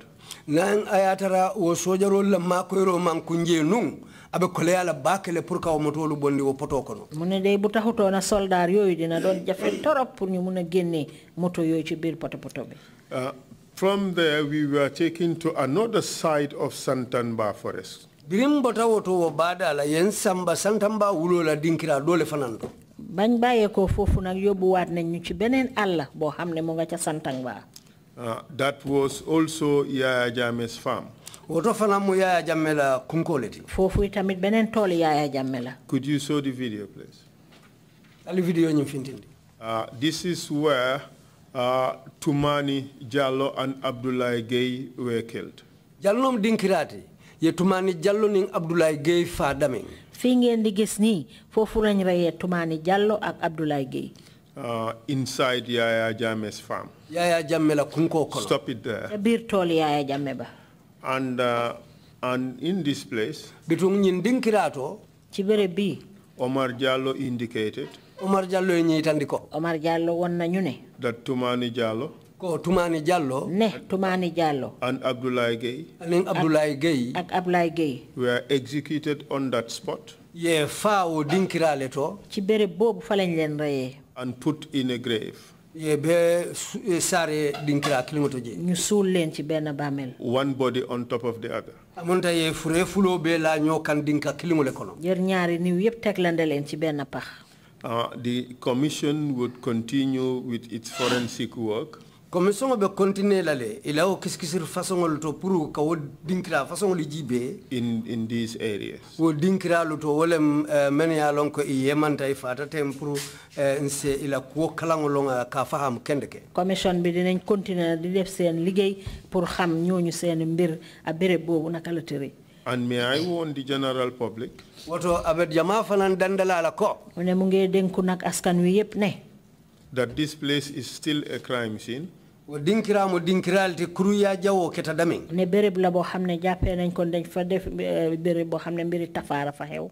nan ayatara wo sojaro la makoyro man kunje nun abe koleya la bakele pour ka o motolu bondi wo poto kono mune de bu taxuto na soldar yoyu dina don jafé torop pour ñu mëna génné moto yoyu ci bir poto poto bi uh, from there we were taken to another side of Santanba forest birim bota woto wo bada la yen samba Santanba wulo la dinkira dole fananto bañ baye ko fofu nak yobbu wat nañ ñu ci benen alla bo xamne mo nga ca Santanba Uh, that was also Yaya Jame's farm. yaya yaya could you show the video please video uh, this is where uh, tumani jallo and Abdullah gay were killed jallo noom ye tumani jallo ning abdoulaye gay faa dame fii ngeen di gis tumani jallo ak abdoulaye gay uh, inside Yaya Jame's farm. Yaya Jame la Stop it there. Yaya Jame ba. And uh, and in this place. Bitung nyinding kirato. Chibere bi. Omar Jallo indicated. Omar Jallo nyitandiko. Omar Jallo wonna nyune. That Tumani Jallo. ko Tumani Jallo. ne Tumani Jallo. and Abdullahi. Gueye. aniŋ Abdoulaye Gueye. ak Abdoulaye Gueye. were executed on that spot. ye fa dinkiraale to. ci béréb boobu fa lañ leen and put in a grave. One body on top of the other. Uh, the commission would continue with its forensic work. commission be continuer lale ila o kiskisir façon to pour ka wo dinkira façon li jibe in in these areas wo dinkira lo to wolem uh, men ya lon ko yemanta fata tem pour uh, nse ila ko kalango lon ka faham ke commission bi dinañ continuer di def seen liggéey pour xam ñooñu sen mbir a bere boobu naka la tere and may i warn the general public woto abed jama fanan dandala la ko ne mu ngi denku nak askan wi yep ne that this place is still a crime scene. o dinkiraamo dinkiraalde kuruya jawo keta damen ne béréb la boo xam nañ ko dañ fa def eh, béréb boo xam mbiri tafaara fa xew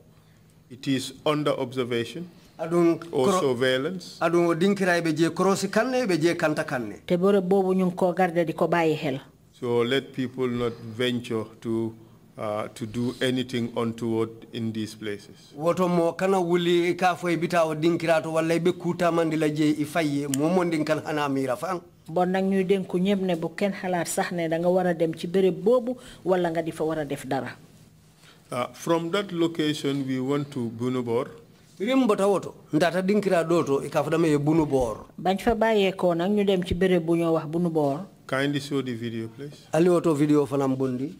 it is under observation aɗum or surveillance aɗum o dinkirayɓe je korosi kanne ɓe je kanta kanne te béréb boobu ñu ko garde di ko bàyyi xel so let people not venture to uh, to do anything untoward in these places. Woto kana wuli ka fo bita o dinkirato walla be kuta mandila je ifaye mo mo dinkal hana mira fang bon nag ñuy dénku ñëpp ne bu kenn xalaat sax ne da nga war dem ci béréb boobu wala nga di fa def dara. Uh, from that location we went to Bunubor. rimbata woto ndata dinkira doto i ka fa dama ye Bunubor. bañ fa bàyyeekoo nag ñu dem ci béréb bu ñoo wax Bunubor. kindly show the video please. ali woto video fanam bondi.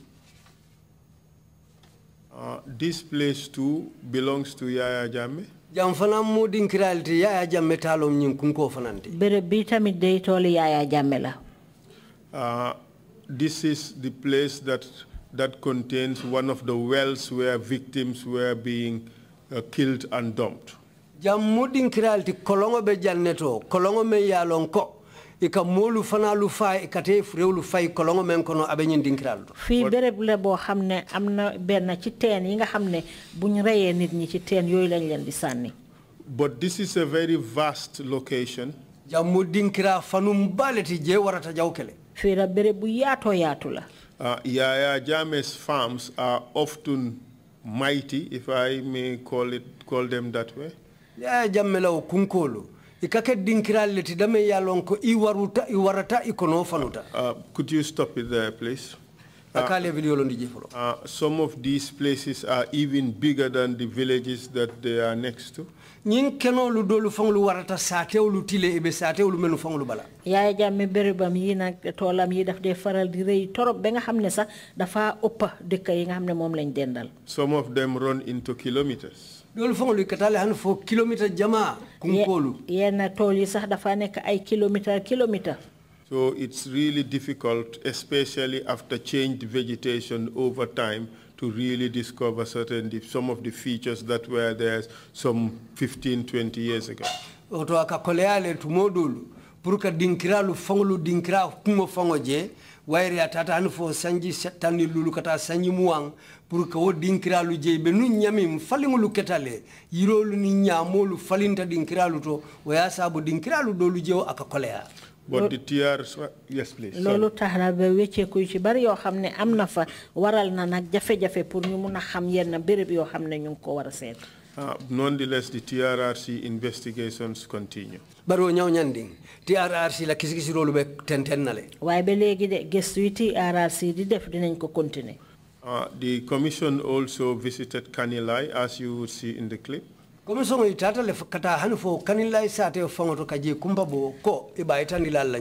Uh, this place too belongs to Yaya Jamme. Jam fanam mu kralti Yaya Jamme talom ñing kunko fananti. Bere mi tamit day Yaya Jamme la. Uh, this is the place that that contains one of the wells where victims were being uh, killed and dumped. Jam mu kralti kolongo be janneto kolongo me yalon ko ika moolu fana lu faa ikate réew lu fay koloŋo men kono abe ñin dinkiral do fii béréb la boo xam ne am na benn ci teen yi nga xam ne bu reyee nit ñi ci teen yooyu lañ leen di sànni but this is a very vast location jammu dinkira fanum baleti je warata jawkele fii la béréb bu yaatoo yaatu la uh, Yaya Jame's farms are often mighty if I may call it call them that way Yaya Jamme law ikake dame i waruta i warata fanuta uh, could you stop it there please uh, uh, some of these places are even bigger than the villages that they are next to. fanglu warata tile fanglu bala yi nak tolam yi daf de faral di torop be nga xamne dafa nga xamne mom lañ dendal some of them run into kilometers loolu fong katale han fo kilomita jama kunkolu yenn tool yi sax dafa nekk ay kilomita kilomita So it's really difficult, especially after changed vegetation over time, to really discover certain some of the features that were there some 15, 20 years ago. Oto akakoleale tumodulu puruka dinkira lu fonglu dinkira kumo fongoje wairi atata fo sanji tani lulu kata sanji muang pour que wo dinkiralu jeyi ɓe nun ñamin faliŋolu ketale yirolu ni ñamolu falinta dinkiralu to wo ya saabu dinkiralu dolu jewo aka koleya But the TR, yes please. loolu tax na ba wécceeku ci bari yoo xam ne am na fa waral na nag jafe-jafe pour ñu mun a xam yenn béréb yoo xam ne ñu ngi ko war a ah, non di les di TRRC investigations continue. baro ñaw ñan di TRRC la kisi kisi rolu be tenten na le. Waye be légui de gëstu TRRC di def dinañ ko continuer. Uh, the commission also visited Kanilai, as you would see in the clip. Commission itata le kata hanfo Kanilai sate fangoto kaji kumbabo ko iba itani la la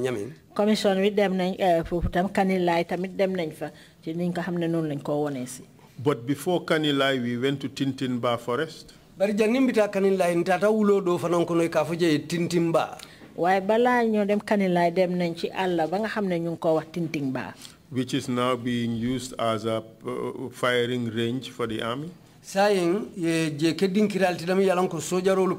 Commission with them nañ eh, fu tam Kanilai tamit dem nañ fa ci niñ ko xamne non lañ But before Kanilai we went to Tintinba forest. Bari jangim bita Kanilai ntata wulo do fanan ko noy ka fa je Tintinba. Waye bala ñoo dem Kanilai dem nañ ci Allah ba nga xamne ñu Tintinba which is now being used as a uh, firing range for the army? ye je kedin kiral tidam yalan ko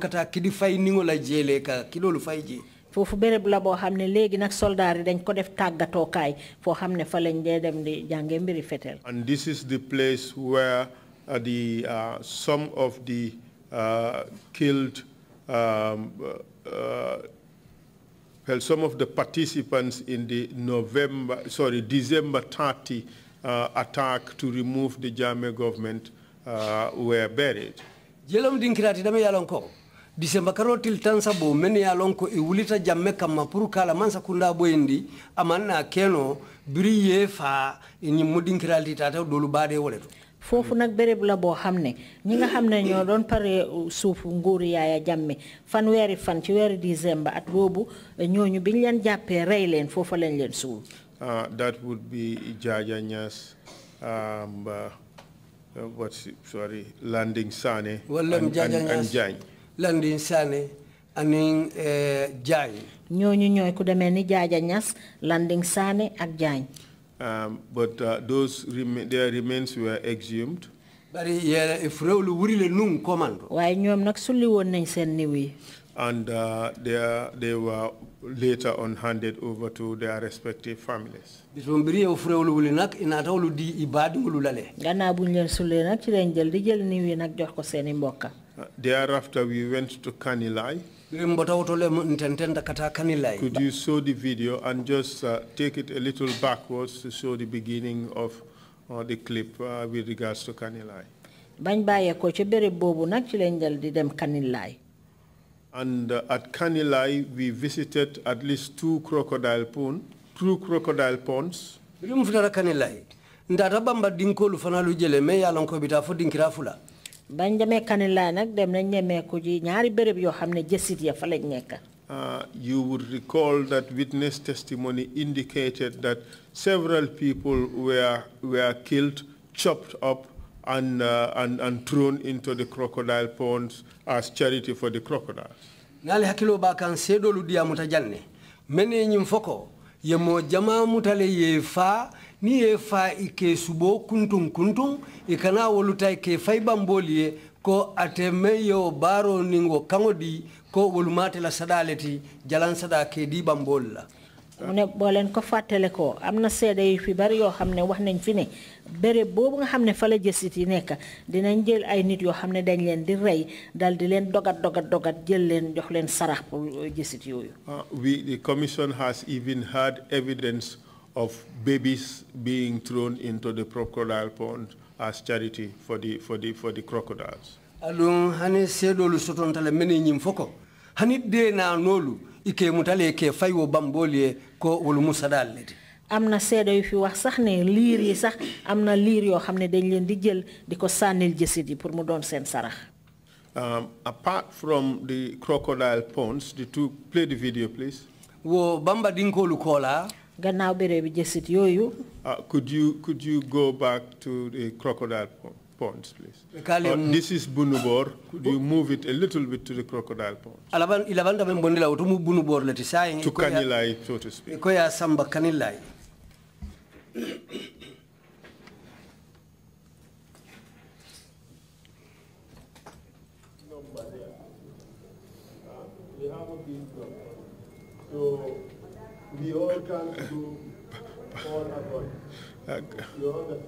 kata kidi fay ningo la jele ka fay je yi dañ ko def fa lañ dem di mbiri fetel and this is the place where uh, the uh, some of the uh, killed um, uh, well, some of the participants in the November, sorry, December 30 uh, attack to remove the Jame government uh, were buried. Jelom dinkirati dame yalon ko. December karo til tansa bo men yalon ko e wulita jamme kamma kala mansa kunda boyndi amana keno biri fa ni modinkirati tata dolu bade foofu nag béréb la boo xam ne ñi nga xam ne ñoo doon pare suuf nguuru yaaya jàmme fanweeri fan ci weeri décembre at boobu ñooñu biñ leen jàppee rey leen foofa lañ leen suul. Ah, that would be Jaaja Ñas um, what's sorry Landing Sane. wallam Jaaja Jaañ. ñooñu ñooy ku demee ni Jaaja Ñas Landing Sane ak Jaañ. Um, but uh, those rem their remains were exhumed. And uh, they, they were later on handed over to their respective families. Uh, thereafter, we went to Kanilai. Could you show the video and just uh, take it a little backwards to show the beginning of uh, the clip uh, with regards to Kanilai? bañ bàyyee ko ca béréb boobu dem Kanilaay. and uh, at Kanilai we visited at least two crocodile pond two crocodile ponds. birum futara Kanilai ndaata bamba dinkoolu fanaa lu jële mais yàlla ko fo dinkira fula bañ demee Kanilai dem nañ ñemeeku ji ñaari béréb yoo xam ne ya fa lañ nekk. Uh, you would recall that witness testimony indicated that several people were were killed, chopped up, and uh, and and thrown into the crocodile ponds as charity for the crocodiles. ngali hakkilo ba kan seeɗolu diyamuta janne mene ñim foko yemo jama mutale ye faa ni subo woluta ko ko la jalan ke di ko ko fi wax nañ fi ne nga fa la dinañ jël ay nit dañ leen di dal di leen dogat dogat dogat jël leen jox leen sarax pour eh, ah, we the commission has even had evidence of babies being thrown into the crocodile pond as charity for the, for the, for the crocodiles. hani hani nolu ike mutale ke ko wolu musadal yu fi wax sax ne sax dañ di jël pour mu sarax Um, apart from the crocodile ponds, the two play the video, please. Wo bamba kola gannaaw jësit yooyu. Uh, could you could you go back to the crocodile ponds please. Uh, this is Bunubor. Could you move it a little bit to the crocodile ponds. Alaban ilaban Bunubor To Kanilai, so to speak. Koya samba Kanilai. Uh, so we all can do all You understand?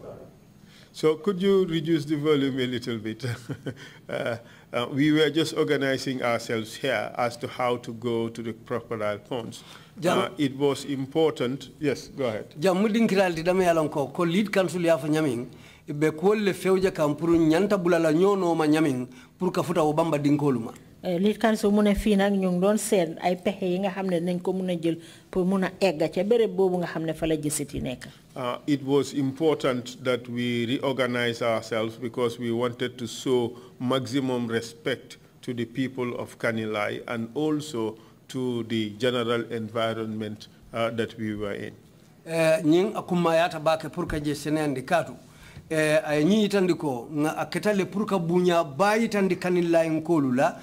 So could you reduce the volume a little bit? uh, uh, we were just organizing ourselves here as to how to go to the crocodile ponds. Uh, it was important. Yes, go ahead. Jam mudin ko lead council ya fa be ko le kam pour nyanta bulala nyono ma pour ka futa obamba dinkoluma. Eh, ñu ngi doon ay pexe yi nga xam ne nañ ko mun a jël pour mun a egg ca béréb boobu nga xam ne fa la nekk. Uh, it was important that we reorganize ourselves because we wanted to show maximum respect to the people of Kanilai and also to the general environment uh, that we were in. Eh, ñing akuma yata bake pour je senendi eh, ay ñi itandi ko nga aketale pour ka bunya bayitandi kanilay ngolula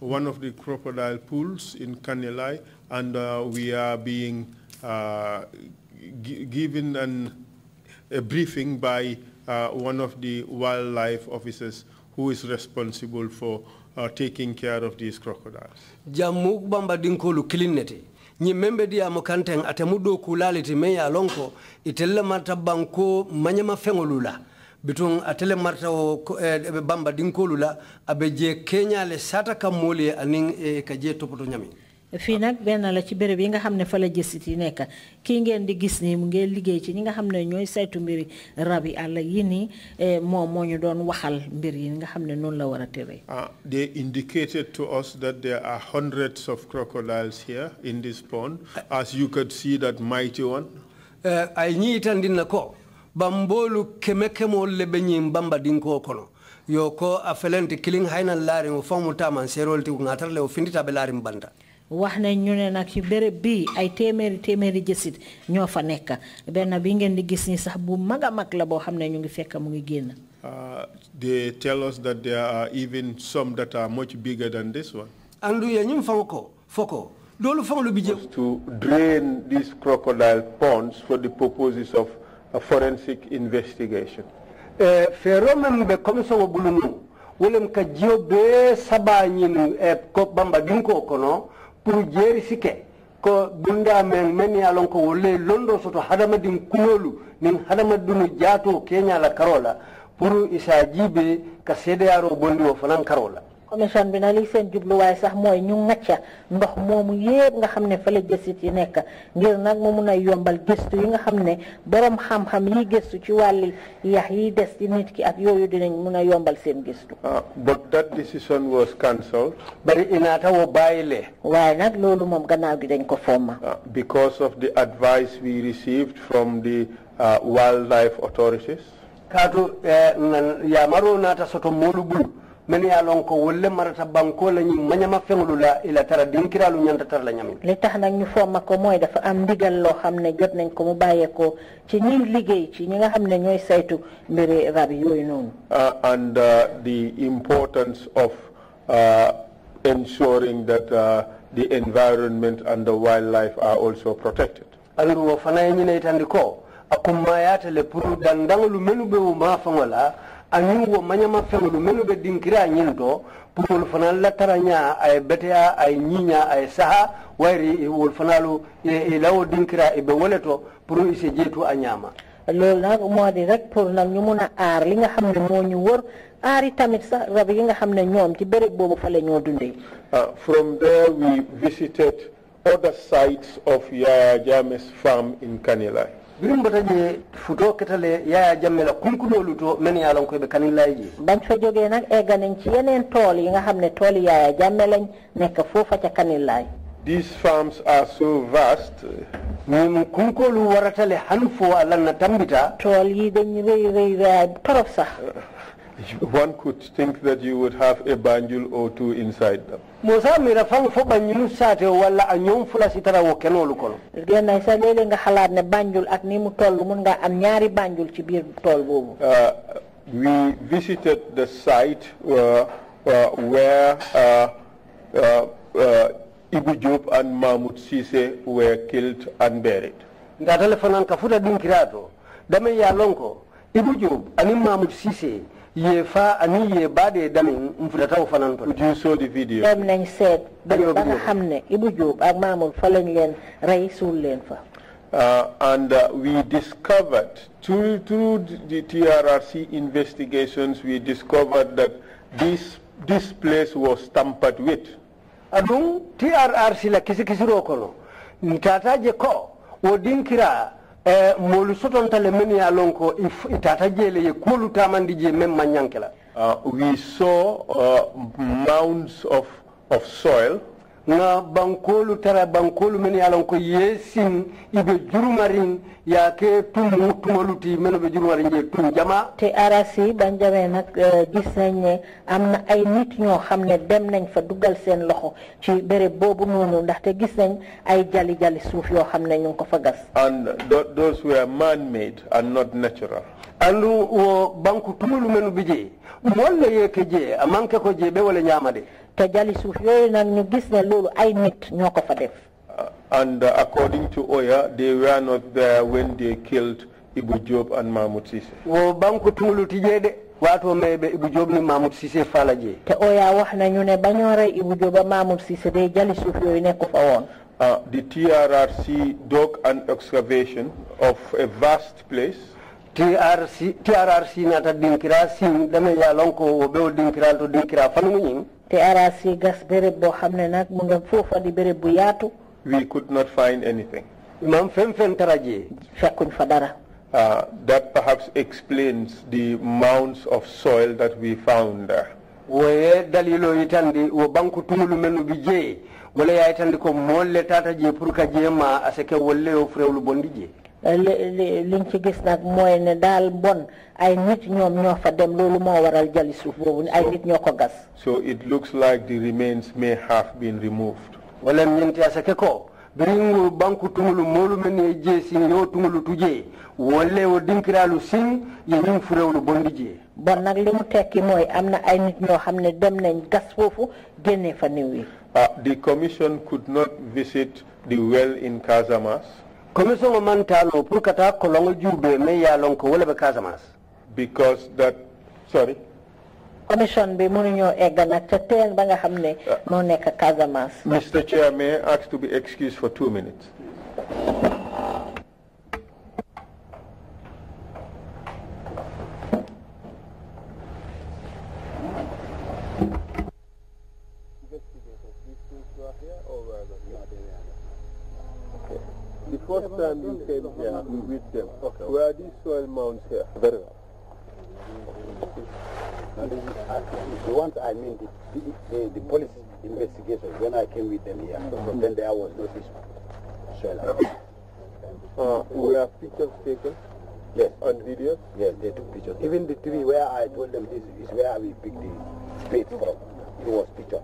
one of the crocodile pools in Kanilai, and uh, we are being uh, given an, a briefing by uh, one of the wildlife officers who is responsible for uh, taking care of these crocodiles. Jamuk bamba dinkolu bitun a tele marta o ɓe eh, bamba dinkolu la aɓe je keñale sata kammolu ye anin e eh, ka topoto ñami fii nag benn la ci béréb yi nga xam ne fa la jësit yi nekk kii ngeen di gis nii mu ngeen liggéey ci ñi nga xam ne saytu mbiri rab yi àll yi nii moom ñu doon waxal mbir yi nga xam ne la war a tere. Uh, they indicated to us that there are hundreds of crocodiles here in this pond uh, as you could see that mighty one. ay eh, ñii itandin na ko bambolu le bamba kono findita be ci ay fa bi ngeen di gis ni sax bu la ñu ngi fekk mu ngi génn. they tell us that there are even some that are much bigger than this one. andu ya ñu fa foko loolu fa lu bi jëm. to drain these crocodile ponds for the purposes of. forensic investigation e feero men ɓe commission o ɓulumu wolem ka jiyo be saɓañin e ko bamba ɗin ko kono pour jeeri sike ko bunda men menni alon ko wolle londo soto hadama ɗin kunolu nin hadama ɗum jaato keñala karola pour isa jiiɓe ka cdr o bondi o fanan karola commission bi na li seen sax mooy ñu ngacca ndox moomu yépp nga xam ne yi nekk ngir nag mu mun a yombal gëstu yi nga xam ne borom xam-xam yi gëstu ci wàlli yax yi des ci nit ki ak yooyu dinañ mun a yombal seen gëstu. Ah, but that decision was cancelled. bari inaata wo bàyyile. waaye nag loolu moom gannaaw gi dañ ko ah, because of the advice we received from the uh, wildlife authorities. kaatu eh, yamaro naata soto moolu men ya a lon ko wolle marata banko la ñiŋ mañama fenglu la ila tara tara kiralu ñanta tara la ñamin li tax nag ñu fooma ko mooy dafa am ndigal loo xam ne jot nañ ko mu ko ci ñi liggéey ci ñi nga xam ne ñooy saytu mbiri rab yooyu noonu uh, and uh, the importance of uh, ensuring that uh, the environment and the wildlife are also protected andu wo fana ye ñinaytandi ko akum mayata le pour dandaŋolu menu be wo maafaŋo la añiŋ wo mañama feŋolu mennu be dinkira ñiŋ to purwolu fanaŋ la tara ña a ye beteya a ye ñiiña a ye saha wayri wolu fanalu i e, e, la dinkira i be wo to pour i si jeetu a ñaama loolu nag moo di rek pour nag ñu mun a aar li nga xam ne moo ñu wër aari tamit sax rab yi nga xam ne ñoom ci béréb boobu fa la ñoo dundee uh, from there we visited other sites of Yaya james farm in Kanilai birin bata je futo ketale yaya jamme la kunkuloolu to men ye lon koy ɓe kanin lay ban fa fa nak nag e egganin ci yeneen tool yi nga xam ne tool yaya jamme lañ nekk fofa ca kanin lay These farms are so vast. Mun kunkoolu waratale hanfo fo alanna tambita. Tool yi dañ reey reey reey torop sax. Uh, one could think that you would have a banjul or two inside them. musa mira fang fo banjul sate wala anyum fula sitara wo kenolu kono genna sa lele nga xalaat ne banjul ni mu mun nga am banjul tol uh, we visited the site uh, uh, where uh, uh, uh Ibu Job and Mahmoud Sise were killed and buried. Nga telefonan ka futa dinkirato dame ya lonko Ibu Job ani Mahmoud Sise ye fa ani ye dami video dem nañ seet ba nga xam ne Ibu ak fa lañ leen rey suul leen fa Uh, and uh, we discovered through, through the TRRC investigations, we discovered that this, this place was tampered with. Adung TRRC la kisi kisi rokolo. Nitata je ko, wodinkira e eh, moolu sotontale men ya a lon ko itata jeele ye kuolu tamandi je men mañanke la uh, we saw uh, mounds of, of soil nga bankolu tara bankolu men ye lon ko yesin ibe jurumarin ya ke tumu tumaluti men be jurumarin je tum jama te arasi banjame nak eh, gis nañ ne am na ay nit ñoo xam ne dem nañ fa dugal seen loxo ci béréb boobu noonu ndaxte gis nañ ay jali jali suuf yoo xam ñu ko fa gas and those were man made and not natural andu wo banku tumulu men bi je molle ye je amanke ko je be wala ñamade te jalisuf yooyu nag ñu gis ne loolu ay nit ñoo ko fa def. Uh, and uh, according to Oya they were not there when they killed Ibu Job and Mahmoud Cissé. wo banku tungulu tijee de. waato may be Ibu Job ni Mahmoud Cissé fala jee. te Oya wax nañu ne ba ñoo rey Ibu Job a Mahmoud Cissé day jalisuuf yooyu nekku fa woon. Uh, the TRRC dug an excavation of a vast place. TRRC TRRC naata dinkira si dame yaa lonko wo be wo dinkiral to dinkira fanu mu ñing. te arasi gas bereb boo xam ne nag mu nga foofa di bereb bu yaatu. we could not find anything. maam fen fenn taraji. fekkuñ fa dara. Uh, that perhaps explains the mounds of soil that we found there. woye dalilo yitandi wo banku tumulu menu bi jee wala yaa tandi ko molle tata jee pour ka jee ma aseke wolle yo frewlu bondi jee Eh, liñ ci gis nag mooy ne daal bon ay nit ñoom ñoo fa dem loolu moo waral jali suuf boobu ay nit ñoo ko gas. so it looks like the remains may have been removed. wala ñenti asake ko biriŋolu banku tuŋolu moolu mennu ye jee siŋ yewo tuŋolu tu jee walla wo dinkiraalu siŋ ye ñiŋ furewolu bondi jee bon nag li mu tekki mooy am na ay nit ñoo xam ne dem nañ gas foofu génne fa niw yi ah, the commission could not visit the well in Casamance commission man talo pour kata ko longo jube me ya lon ko wala be casamance because that sorry commission be mënuñu egg nak ca teen ba nga xam ne ah. moo nekk casamance mr chair may ask to be excused for two minutes first time you came here meet them, okay. are these soil mounds here? Very well. The ones I mean, the, the, the, police investigation, when I came with them here, from then there was no this soil uh, Were pictures taken? Yes. On video? Yes, they took pictures. Even the tree where I told them this is where we picked the spade from, it was pictured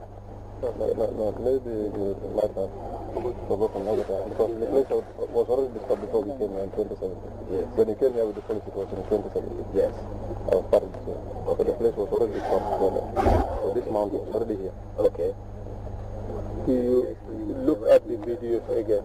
maybe uh, like uh, that. So Because the place was already disturbed before we came here in 2017. Yes. When you came here with the police, it was in 2017. Yes. I was part of this team. Okay. So the place was already disturbed So this mountain was already here. Okay. You look at the videos again.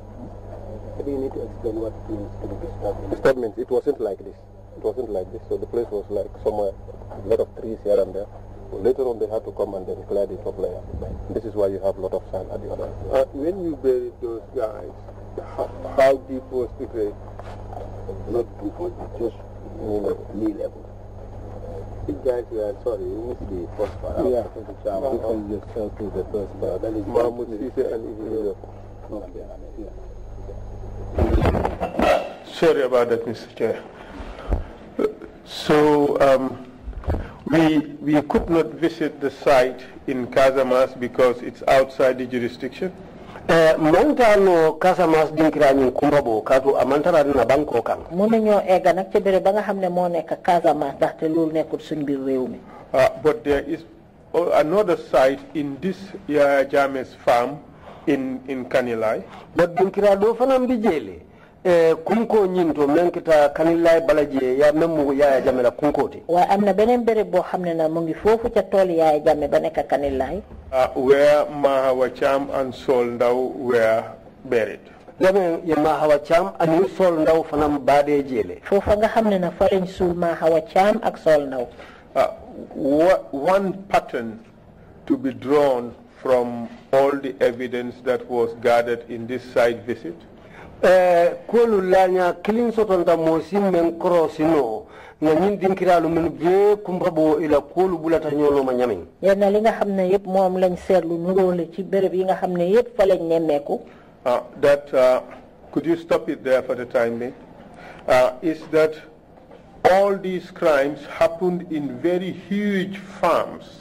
Do you need to explain what means to be disturbed? Disturbance, it wasn't like this. It wasn't like this. So the place was like somewhere, a lot of trees here and there. Later on, they had to come and then clear the top layer. This is why you have a lot of sand at the other end. Uh, when you buried those guys, how, how deep was the grave? Not deep, just knee level. These guys were sorry, you missed the first part. Yeah, fell through the first part. That is Mahmoud and Israel. Sorry about that, Mr. Chair. So, um, we, we could not visit the site in Casamas because it's outside the jurisdiction. Eh, montano Casamance dinkira ñin kumba bo kaatu amantara dina banko kan mënuñoo egga eh, nag ci béré ba nga xam ne moo nekk Casamance ndaxte ah, but there is oh, another site in this uh, James farm in in Kanilai but dinkira do fanam bi Eh, ya jame la wa na ca jame ba uh, ah, where mahawa cham and sol ndaw were buried lame ye mahawa cham ani sol ndaw fanam baade jeele foofa nga xam na fa cham ak sol ndaw uh, ah, one pattern to be drawn from all the evidence that was gathered in this site visit kolu kilin sotonta mosin men krosino nga ñin men ila bulata ma ñamin li nga la ci béréb yi nga fa lañ that uh, could you stop it there for the time being uh, is that all these crimes happened in very huge farms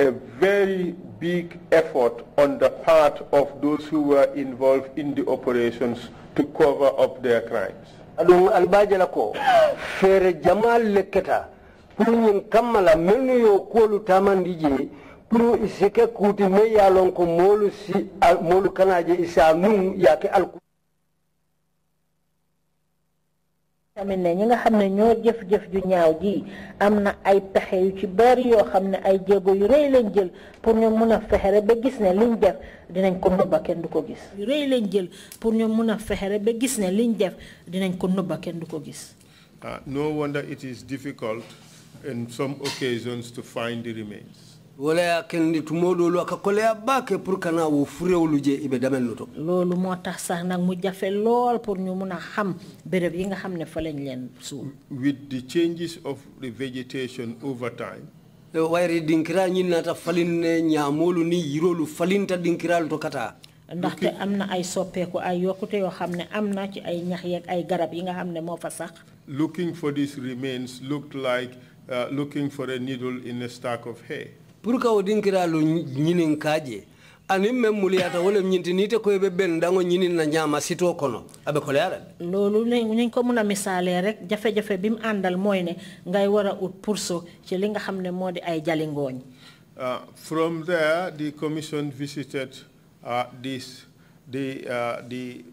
a very big effort on the part of those who were involved in the operations to cover up their crimes. ɗum ko feere jamal pour yo tamandi pour sike kuuti me ko moolu si moolu isa num yaake alku jef jëf-jëf ju ñaaw ay yu ci bari ay yu lañ jël pour ñu fexere ba gis ne liñ def dinañ ko kenn gis yu lañ jël pour ñu fexere ba gis ne liñ def dinañ ko kenn gis ah, no wonder it is difficult in some occasions to find the remains wala pour kana wo je ibe damel sax mu jafe pour ñu xam yi nga fa lañ leen with the changes of the vegetation over time wayri dinkira nata falin ne ni to kata ay ay ci ay ñax ay garab yi nga fa sax looking for these remains looked like uh, looking for a needle in a stack of hay pour ka odin kira lo nyinin kaje ani mem muliyata wala nyinti nite ko be ben dango nyinin na nyama sito kono abe ko leral lolu ne ñu ko muna misale rek jafé jafé bim andal moy ne ngay wara ut pourso ci li nga xamne modi ay jalingoñ uh, from there the commission visited uh, this the uh, the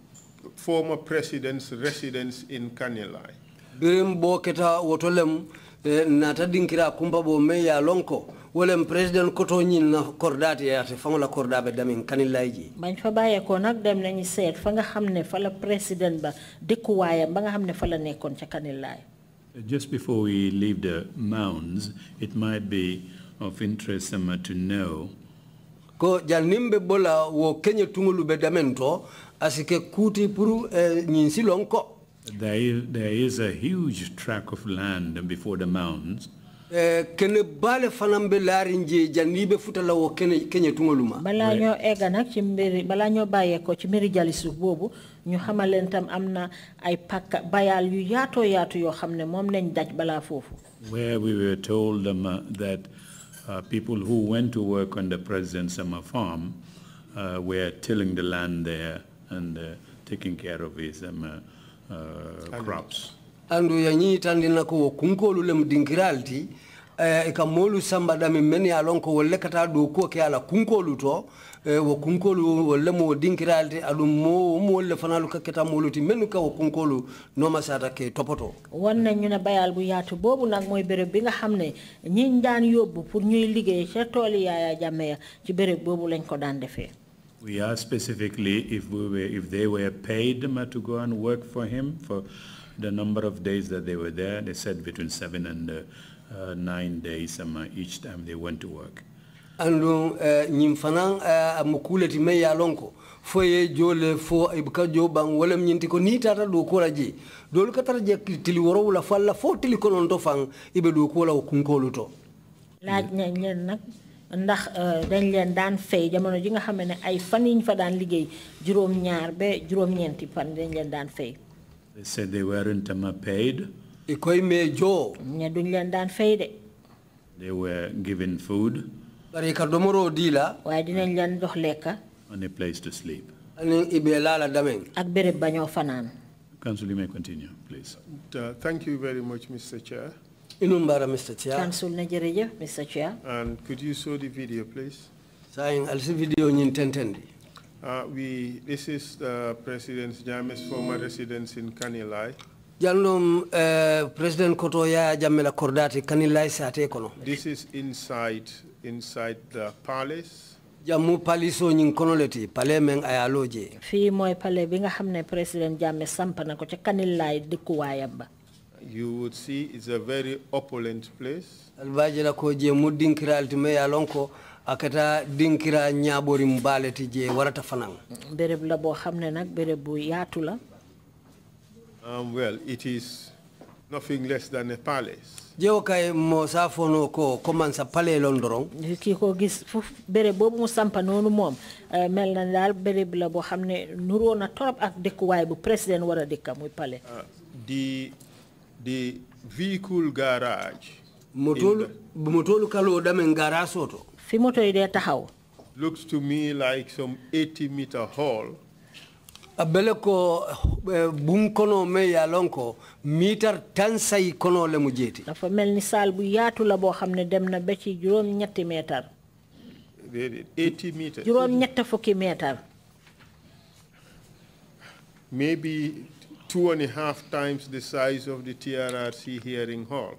former president's residence in Kanyelai. birim bo keta wotolem eh, na tadinkira kumba bo me ya lonko president koto na la damin bañ fa dem fa nga fa la président ba ba nga fa la Just before we leave the mounds, it might be of interest Sama, to know ko bola wo tungulu asike kuti puru eh, there is, there is a huge tract of land before the mounds kene bale fanam be be futala wo kene bala ega ci mbiri bala ko ci mbiri ñu tam ay bayal yu nañ daj where we were told them, um, uh, that uh, people who went to work on the president summer farm uh, were tilling the land there and uh, taking care of his um, uh, uh, crops andu eh, ya tandi na ko wo kunkolu le dinkiral ti e ka moolu sambaɗami men ya lon ko wolle kata do ko ke ala kunkolu to wo kunkolu wolle mo dingiraldi aɗum mo mo wolle fanalu ka kakketa moluti menu ka wo kunkolu ma sata ke topoto wonnan ñu ne bayal bu yaatu boobu nag mooy béréb bi nga xam ne ñiñ yobbu pour ñuy liggéey ci tooli yaaya jàmme ya ci béréb boobu lañ ko daan defé we are specifically if we were if they were paid to go and work for him for the number of days that they were there. They said between seven and uh, nine days um, each time they went to work. Andu uh, nyimfanang uh, amukule time ya lonko foye jole fo ibuka joban wala mnyinti ko nita ta do kola je dolu katara tili woro falla fo tili kolon to fang ibe do kola kunkolu to laaj na ñen nak uh, dañ leen daan fay jamono ji nga xam ne ay fan yiñ fa daan liggéey juróom ñaar dañ leen fay they said they weren't um, paid. They were given food. And a place to sleep. Councilor Council, you may continue, please. Uh, thank you very much, Mr. Chair. Mr. Chair. Council Mr. Chair. And could you show the video, please? Saying see video ñin tentendi. Uh, we, this is uh, President Jammeh's former residence in Kanilai. Jalnum President Kotoya jamela Kordati Kanilai Sate This is inside inside the palace. Jamu paliso ñing kono leti meng ayaloje. Fi moy pale bi hamne President Jammeh sampana na ko ci Kanilai dëkkuwaayam ba. You would see it's a very opulent place. Albaaji la ko je mu dinkiral me yalon akata dinkira ñaaɓori mbaaleti je warata fanan béréb la boo xam ne nag béréb bu yaatu la um, well it is nothing less than a palace jewo kay ko ki ko gis fof béréb boobu mu sampa noonu moom euh, mel na daal béréb la boo xam ne nuroo na torop ak dëkkuwaay bu président war a dëkka muy palais uh, di di véhicule garage motolu motolu kaloo ɗamen garage oto fi moto yi dee taxaw. looks to me like some 80 meter hall. abele ko eh, bum kono me yalon ko mitar tan say kono le mu jeeti dafa melni saal bu yaatu la boo xam ne dem na ba ci juróom ñetti meetar juróom ñett fukki meetar maybe two and a half times the size of the TRRC hearing hall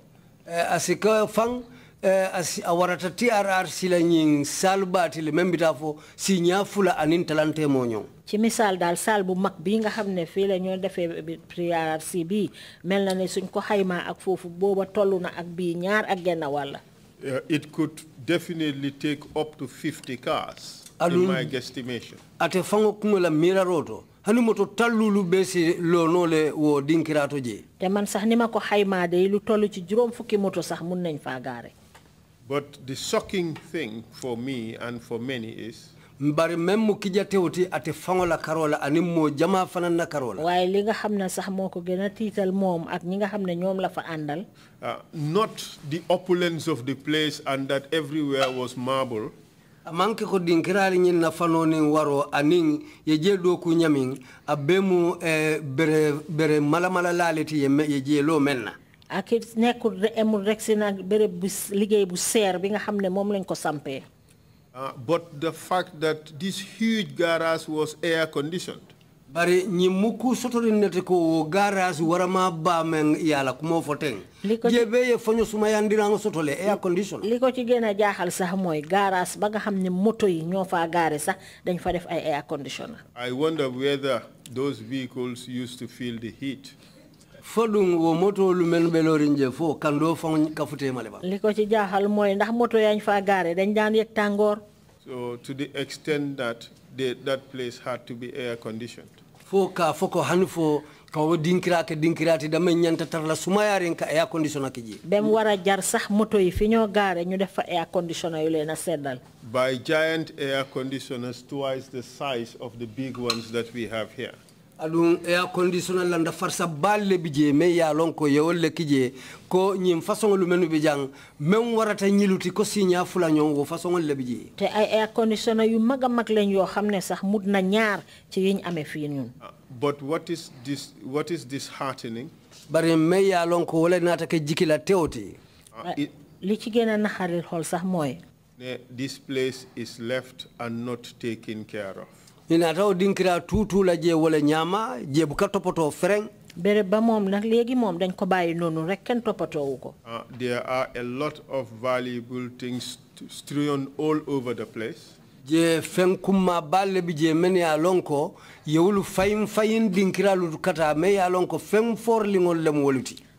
eh, asiko fang Eh, a warata TRRC la ñing saal baati le même bitaa fo si ñaa fula anin talante moo ñoŋ ci misaal daal saal bu mag bii nga xam ne fii la ñoo defee TRRC bii mel na ne suñ ko xaymaa ak foofu booba toll na ak bii ñaar ak genn walla eh, it could definitely take up to 50 cars ate fango kuma la miiraroo to hani moto tallulu be si loonoo le wo dinkiraato jee te man sax ni ma ko xaymaa de lu toll ci juróom fukki moto sax mun nañ faa But the shocking thing for me and for many is mbari mem mu kija tewti fangola karola ani mo jama fanan na karola li nga xamna sax moko gëna tital mom ak ñi nga xamne ñom la fa andal uh, not the opulence of the place and that everywhere was marble ko ñin na fanoni waro ye ku ñamin abemu e eh, bere bere mala mala laleti ye ye menna ak nekkul emul rek si nag béréb bu liggéey bu seer bi nga xam ne moom lañ ko sampee. Ah, but the fact that this huge garage was air conditioned. bari ñi mukku sotorinete ko wo garage warama baamen yàlla ku moo fo teng jebe ye faño suma yandiranga sotole air condition li ko ci gën a jaaxal sax mooy garage ba nga xam ne moto yi ñoo faa gaare sax dañ fa def ay air conditioner I wonder whether those vehicles used to feel the heat fodum wo moto lu men belorin je fo kando fon kafute male ba liko ci jaaxal moy ndax moto yañ fa garé dañ daan yek tangor so to the extent that the, that place had to be air conditioned fo ka fo foko hanfo ka wo dinkirake dinkirati dama ñanta tarla la sumayaren ka air conditioner ke ji dem wara jar sax moto yi fi ñoo garé ñu def fa air conditioner yu leena sedal by giant air conditioners twice the size of the big ones that we have here aɗum air conditionnel landa farsa balle bi je mais ya lon ko yewolle kije ko ñim façon lu menu bi jang même warata ñiluti ko signa fula wo façon le bi je te ay air conditionnel yu maga mag lañ yo xamne sax mut na ñaar ci yiñ amé fi ñun uh, but what is this what is disheartening bare mais ya lon ko wala nata ke jikila tewti uh, eh, li ci gëna naxaril hol sax moy this place is left and not taken care of ina taw dinkira tuutula je wala ñaama je bu ka toppatoo fereng bere ba moom nag léegi moom dañ ko baye noonu rek kenn toppatoowu ko uh, there are a lot of valuable things strewn all over the place je fen balle bi je men ya lon ko yewulu fayin fayin dinkira lu kata me ya lon ko fen lingol lem woluti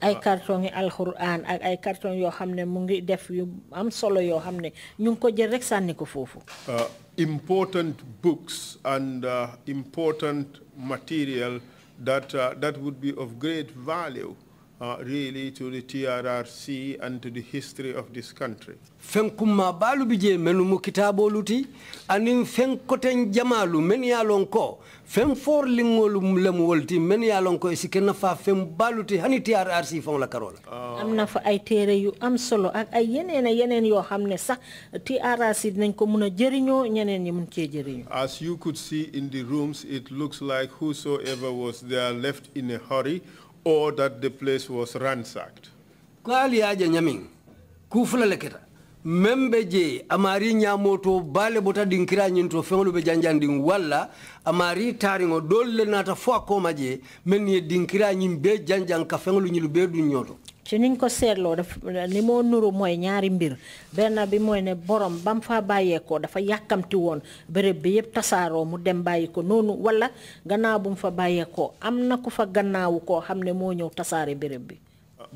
ay carton yi ak ay carton mu ngi def yu am solo ñu ko jël rek sànni ko uh, important books and uh, important material that uh, that would be of great value uh, really to the TRRC and to the history of this country. balu bije menu luti anin jamalu men fen for wolti men sikena fa fen baluti hani TRRC fon la uh, Amna fa ay téré yu am solo ak ay yo xamne sax TRRC dinañ ko jëriño ñi ci jëriño. As you could see in the rooms it looks like whosoever was there left in a hurry or that the place was ransacked. Kwali aje nyaming kufula leketa membe je amari nyamoto bale bota dinkira nyinto fengolu be janjan amari taringo dolle nata fo ko maje men dinkira nyimbe janjan ka fengolu nyilu nyoto ci niñ ko seetloo daf moo nuru mooy ñaari mbir benn bi mooy ne borom bam bàyyeekoo dafa yàkkamti woon béréb bi yëpp tasaaroo mu dem bàyyi ko noonu wala gannaaw bu mu fa bàyyeekoo am na ku fa gannaawu koo xam ne moo ñëw tasaare béréb bi.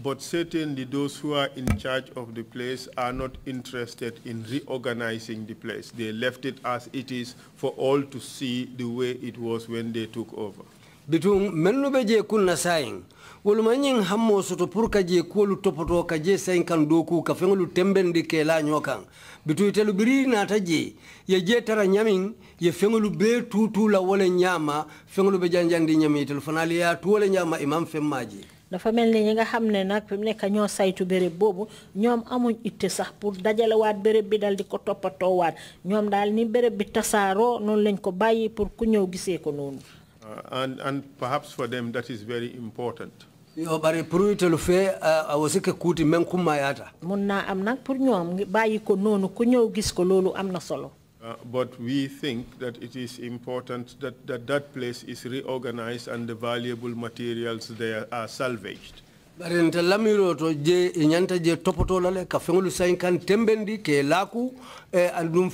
But certainly those who are in charge of the place are not interested in reorganizing the place. They left it as it is for all to see the way it was when they took over. Bitung melnu beje saying wolu ma soto pour ka je kuwolu topoto ka je senkan doku ka feŋolu tembendi ke ñoo kaŋ bitu itelu biri naata je ye je tara ñamiŋ ye feŋolu bee tutu la wole le ñaama feŋolu be janjandi ñami tel fanaŋ le ye a tuwo imam ñaama i maŋ feŋ je dafa mel ni ñi nga xam ne nag fi nekk ñoo saytu béréb boobu ñoom amuñ itte sax pour dajalewaat béréb bi dal di ko toppatoowaat ñoom daal ni béréb bi tasaaroo noonu lañ ko bàyyi pour ku ñëw gisee ko noonu. Uh, and and perhaps for them that is very important. yo fe a kuti men yata am nak pour ko nonu ñew gis ko lolu amna solo Uh, but we think that it is important that, that that place is reorganized and the valuable materials there are salvaged. bari nte lamiro to je e nyanta je toppotoola le ka feŋolu 50 tembendi ke laaku e andum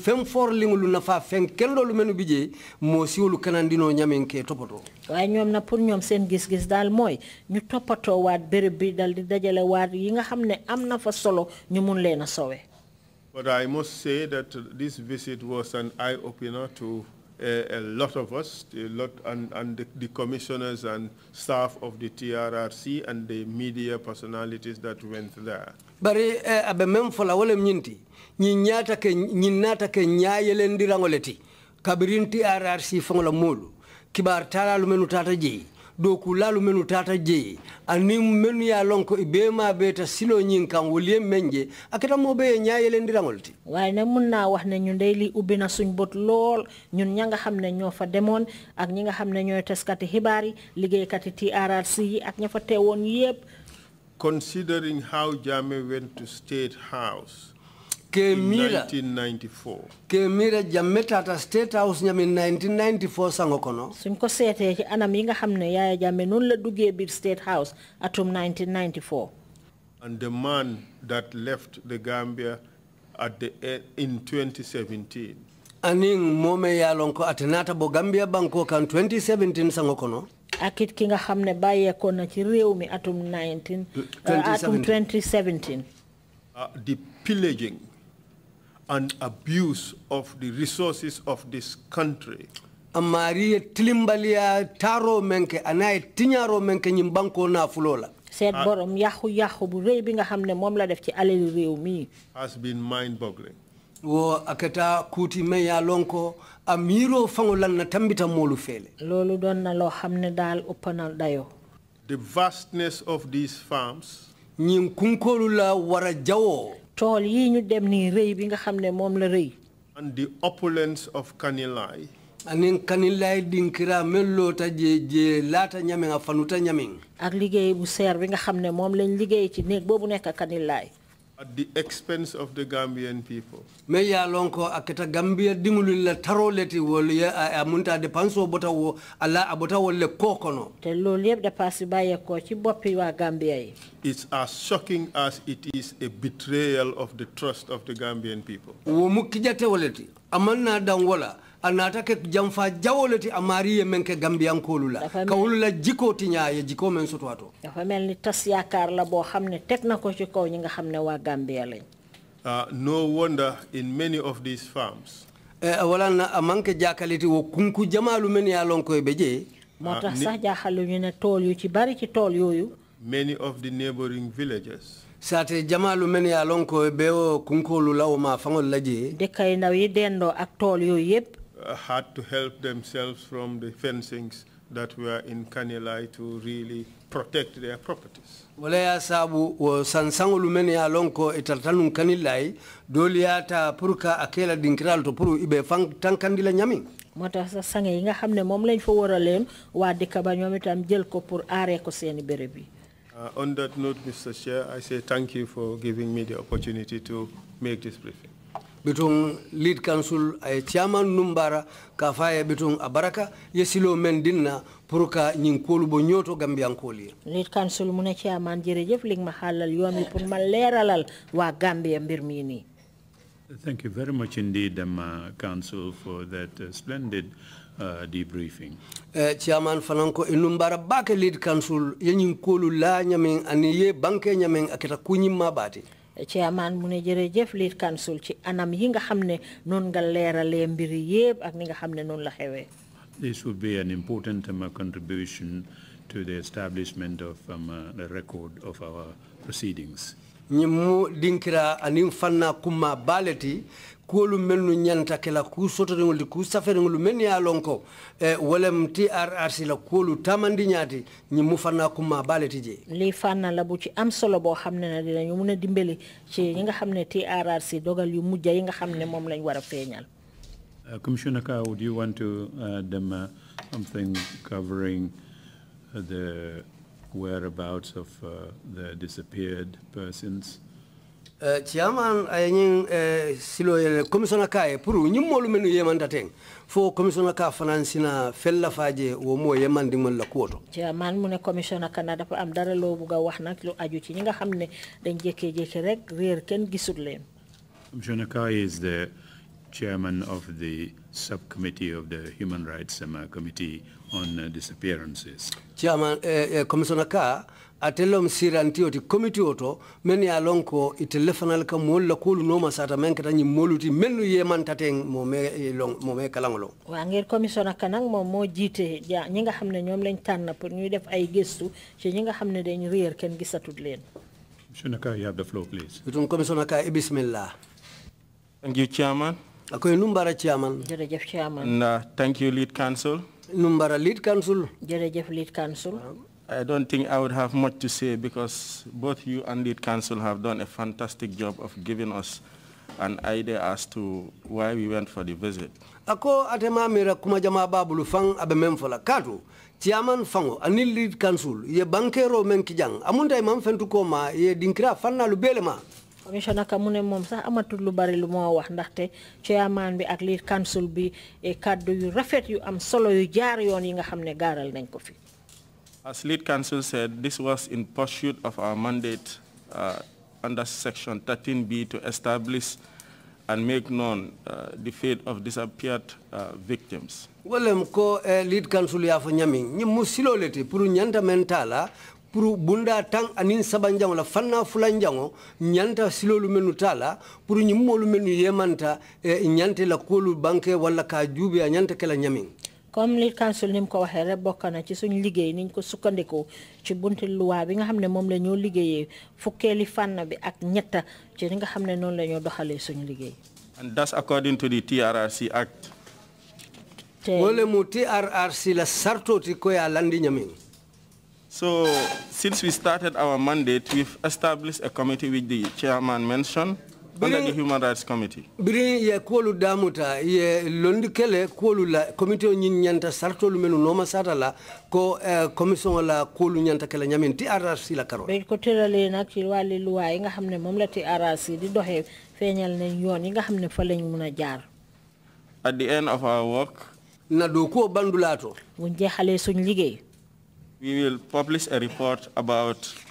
na fa fen feŋ kendolu menu bi mo moo siwolu kanandino nyamen ke topoto waaye ñoom na pour ñoom seen gis-gis daal mooy ñu toppatoo waat bere bi dal di dajale waat yi nga xam ne am na fa solo ñu mun leena sowe But I must say that this visit was an eye-opener to a, a lot of us, a lot, and, and the, the, commissioners and staff of the TRRC and the media personalities that went there. Bari eh, abe memfola wole mnyinti, nyinyata ke nyinata ke nyayele ndirango leti, kabirin TRRC fongola mulu, kibar tala lumenu tata jii, laalu menu tata je ani menu ya lonko ibe ma beta silo nyin kan wuliyen menje akita mo be nyaayelen dirangol ti way ne mun na wax ne ñu ndey li ubbi na suñ bot lool ñun ña nga xam ne ñoo fa demoon ak ñi nga xam ne ñooy teskati xibaar yi liggéeykati TRRC yi ak ña fa teewoon yeb considering how Jame went to state house kemira 1994 kemira state house ñami 1994 sango kono suñ ko nga la state house atum 1994 and the man that left the gambia at the in 2017 anin moome yaalon ko atenata bo gambia banko kan 2017 sango kono akit ki nga xam ne bàyyeekoon na ci réew mi atum 19 atum 2017 uh, the pillaging and abuse of the resources of this country. Amari taro menke tinyaro menke nyimbanko na fulola. Said ah. borom yahu yahu nga Has been mind boggling. wo akata kuti lonko amiro na tambita molu fele don na lo dal dayo the vastness of these farms ñin wara jawo tool yi ñu dem nii rëy bi nga xam ne moom la rëy. and the opulence of Kanilai. anin Kanilai dinkira melloota je je laata ñame nga fanuta ñame. ak liggéey bu seer bi nga xam ne moom lañ liggéey ci néeg boobu nekk Kanilai. at the expense of the Gambian people. Me ya lonko aketa Gambia dingulilla taroleti wol ya amunta depanso bota wo ala abota wol le kokono. Te loliyeb da pasiba ye ko ci boppi wa Gambia yi. It's as shocking as it is a betrayal of the trust of the Gambian people. Wo mukijate woleti amanna dan wala anata ke jamfa jawoleti a mariye men ke gambiyankolu la kawlu la yaakaar la boo xam ne teg na ko ci kaw ñi nga xam ne waa gambiya lañ uh, no wonder in many eh, wo kunku jamalu men lon e uh, yu ci bari ci tool yooyu many of the neighboring villages saate jamaalu men e wo kunkolu lawo ma fangol la je dëkkay yi dendoo ak tool yooyu yëpp had to help themselves from the fencings that were in Kanilai to really protect their properties. wala ya sabu wo sansaŋolu men ye loŋ ko italtanun kanillayi doolu yaata pour ka a kela dinkiral to pour ibe fan tankandi la ñamiŋ moo tax sa sange yi nga xam ne moom lañ fa war a leen waa dëkk ko pour aaree Uh, on that note, Mr. Chair, I say thank you for giving me the opportunity to make this briefing. bitun lead council ay chairman numbara ka faye bitun abaraka ye silo men dinna pour ka ñing koolu bo ñoto gambian kooli lead council mu ne jere jef ling ma halal yomi pour ma leralal wa gambia mbir mi ni Thank you very much indeed, um, uh, Council, for that uh, splendid uh, debriefing. uh, Chairman Fananko inumbara e bake lead council yenyin kolu la nyamin aniye banke nyamin akita kunyi mabati. chairman mu ne jërëjëf lead council ci anam yi nga xam ne noonu nga leeralee mbir yëpp ak ni nga xam ne noonu la xewee. This would be an important um, contribution to the establishment of um, uh, the record of our proceedings. ñi mu dinkira fanna kuolu ku eh, kuolu tamandi mu la bu ci am solo na dinañu dimbali ci nga dogal yu mujja yi nga lañ Uh, Commissioner Kao, do you want to add uh, uh, something covering uh, the whereabouts of uh, the disappeared persons? Uh, chairman eh, eh, silo yele commissiona ka e pour nyum molu menu yemanda ten fo commissiona ka financina fella faje wo mo yemandi mon la kuoto chairman mu ne commissiona canada pour am dara lo buga wax nak lu aju ci ñi nga xamne dañ jéké jéké rek reer ken gisul len commissiona ka is the chairman of the subcommittee of the human rights um, uh, committee on uh, disappearances chairman uh, uh, commissiona ka atelom siranti oti komiti oto men ya lon ko ite lefanal ka moolu la kulu nooma sata men kata nyi moluti men ye man taten mo me eh, lon mo me kalangolo wa ngir commissioner kanang mo mo jite ja ñi nga xamne ñom lañ tan pour ñuy def ay gestu ci ñi nga xamne dañ reer ken gisatut len commissioner ka you have the please ka e bismillah thank you chairman akoy mbara chairman jerejef chairman na thank you lead council numbara lead council jërëjëf lead council um, I don't think I would have much to say because both you and Lead council have done a fantastic job of giving us an idea as to why we went for the visit. Ako atema mira kuma jama babulu fang abe memfola katu chairman fango ani lead council ye bankero men kijang amunda imam fentu koma ye dinkra fanna lu belema commissioner ka mu ne moom sax amatul lu bari lu moo wax ndaxte chairman bi ak lead council bi kàddu yu rafet yu am solo yu jaar yoon yi nga xam ne nañ ko fi As lead counsel said, this was in pursuit of our mandate uh, under Section 13B to establish and make known uh, the fate of disappeared uh, victims. Walem ko eh, lead counsel ya fo nyamin ni lete puru nyanta mentala puru bunda tang anin sabanjango la fanna fulanjango nyanta silo lumenu tala pour nyimmolu lumenu yemanta e nyante la kulu banke wala kajubi jubi nyanta kala nyamin comme li council ko rek bokk na ci liggéey niñ ko ci bunti bi nga fànn bi ak ci li nga liggéey. and that's according to the TRRC Act. wole mu TRRC la sartooti ko yaa landi ñamin. so since we started our mandate we've established a committee which the chairman mentioned. under the Human Rights Committee. Birin ye kuolu damuta ye londi kele kuolu la committee nyin nyanta sartolu menu noma sata la ko eh, commission la kuolu nyanta kele nyamin ti arasi la karo. Be ko terale nak ci wali loi yi nga xamne mom la ti arasi di dohe fenyal nañ yoon yi nga xamne fa lañ jaar. At the end of our work na do ko bandulato. Buñ jéxalé suñ liggéey. We will publish a report about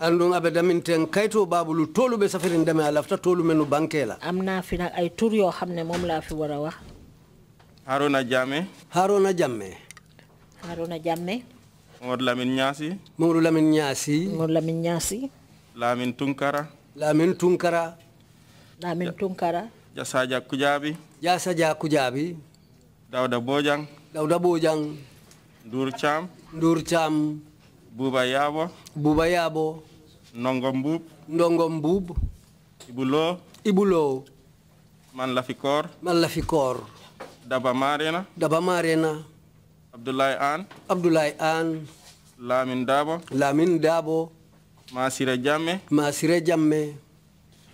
andun abeda min ten kayto babulu tolu be safirin dame a tolu menu bankela. la am naa fi nag ay tur yoo xam ne moom laa fi war a wax haruna jamme haruna jamme haruna jamme Mamadou Lamine Niassi Mamadou Lamine Niassi Mamadou Lamine Niassi Lamine Tunkara Lamine Tunkara Lamine Tunkara Jasaja Kujabi Jasaja Kujabi Dauda Bojang Dauda Bojang Ndur Cham Ndur Cham Buba Yabo Buba Yabo Nongombub, Nongombub, Ibulo, Ibulo, Man Lafikor Man Lafikor Daba Marena Daba Marena Abdoulaye An Abdoulaye An Lamin Dabo Lamin Dabo Masire Jamme Masire Jamme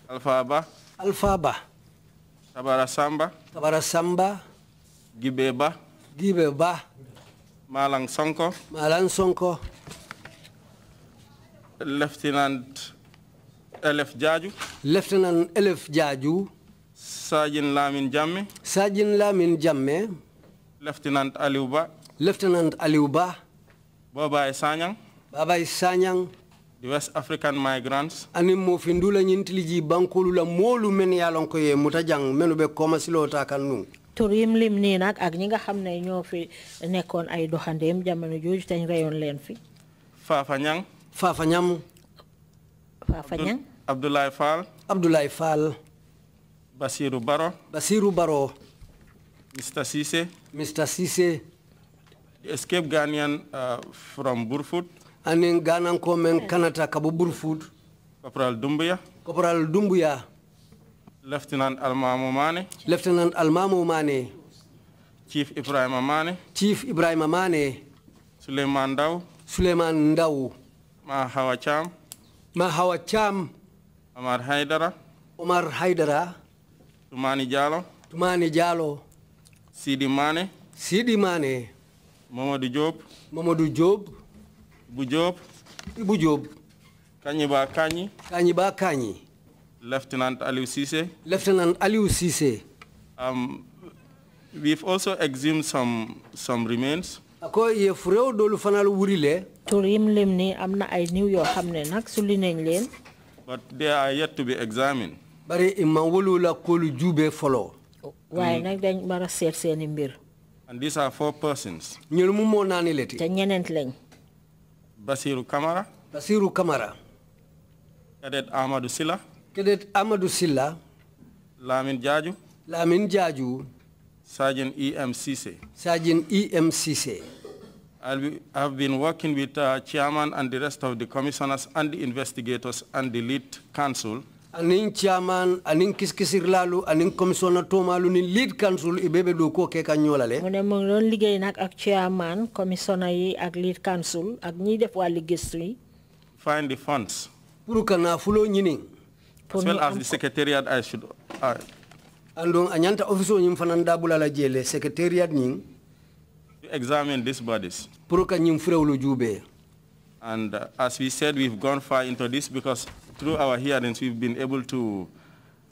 Alfaba. Alfaba. Alpha Tabara Samba Tabara Samba Gibeba. Gibeba. Malang Sonko Malang Sonko Lieutenant Elef Jaju. Lieutenant Elef Jaju. Sajin Lamin Jamme. Sajin Lamin Jamme. Lieutenant Aliuba. Lieutenant Aliuba. Baba Sanyang. Baba Sanyang. The West African migrants. Ani mo findula nyintili ji bankolu molu men ya mutajang menu be koma silo ta kanu. tur lim nii nag ak ñi nga ñoo fi nekkoon ay doxandeem jamono Fafanyam. Fafanyang. Abdoulaye Fall. Abdoulaye Fall. Basiru Baro. Basiru Baro. Mr. Sise. Mr. Sise. Escape Ghanian Ghanaian uh, from Burfoot. Anin Ghanan komen Kanata Kabu Burfoot. Corporal Dumbuya. Corporal Dumbuya. Lieutenant Almamo Mane. Lieutenant Almamo Mane. Chief Ibrahim Mane. Chief Ibrahim Mane. Suleiman Daw. Suleiman Daw. Ma Hawacham. Ma Omar Haidara. Omar Haidara. Tumani Jalo. Tumani Jalo. Sidi Mane. Sidi Mane. Momo Job. Momo Job. Ibu Job. Ibu Job. Kanyiba Kanyi. Kanyiba Kanyi. Lieutenant Aliou Sise. Lieutenant Aliou Sise. Um, we've also exhumed some some remains. Ako ye fureo dolu fanalu wurile. Turim lim ni amna ay niw yo xamne nak nag nañ but they are yet to be examined bari imma wolu la kolu jube folo waaye hmm. nak dañ mara set seet mbir and these are four persons ñël mu mo nani leti te ñenent lañ basiru kamara basiru kamara kadet amadou silla kadet amadou silla lamin jaju lamine jaju sajin emcc sajin emcc I have been working with uh, chairman and the rest of the commissioners and the investigators and the lead council. Anin chairman, anin kiskisirlalu, anin commissioner tomalu ni lead council ibebe doko ke kanyolale. Mune mong ron ligay nak ak chairman, commissioner yi ak lead council ak ni def wali gistri. Find the funds. Puru kana fulo nyini. As well as the secretariat I should. Uh, Andong anyanta officer nyim fananda bulala jele secretariat ning. to examine these bodies. Pour que ñu fréwlu jubé. And uh, as we said, we've gone far into this because through our hearings, we've been able to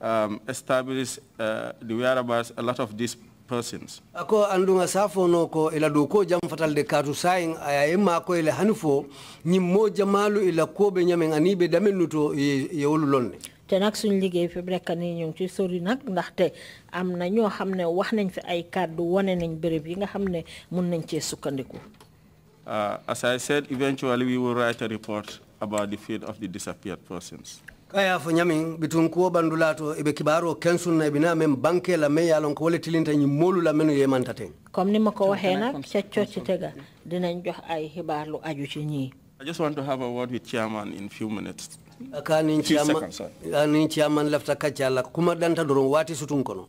um, establish uh, the whereabouts a lot of these persons. Ako andunga safo no ko ila jam fatal de katu saing ayema ko ila hanifo jamalu ila nyamengani be damenuto te fi ni ñu ci sori am na wax nañ fi ay nañ yi nga nañ sukkandiku. Uh, as I said eventually we will write a report about the fate of the disappeared persons. kaya fo ñamin bitun kuwo bandulato ibe kibaro kensun na ibina men banque la men yalon ko wala tilinta molu la menu yemantaten comme ni mako waxe nak ca cioci tega dinañ jox ay xibaar lu aju ci ñi I just want to have a word with chairman in few minutes. kanin ciyaman lafta kaccalla kuma danta doron waati sutun kono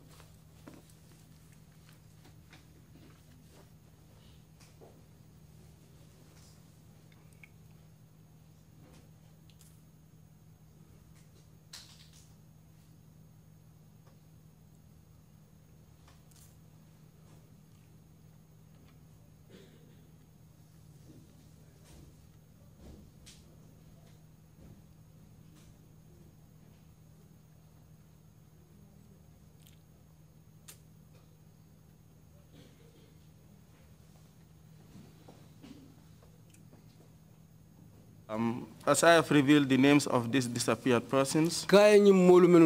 Um, as I have revealed the names of these disappeared persons, we would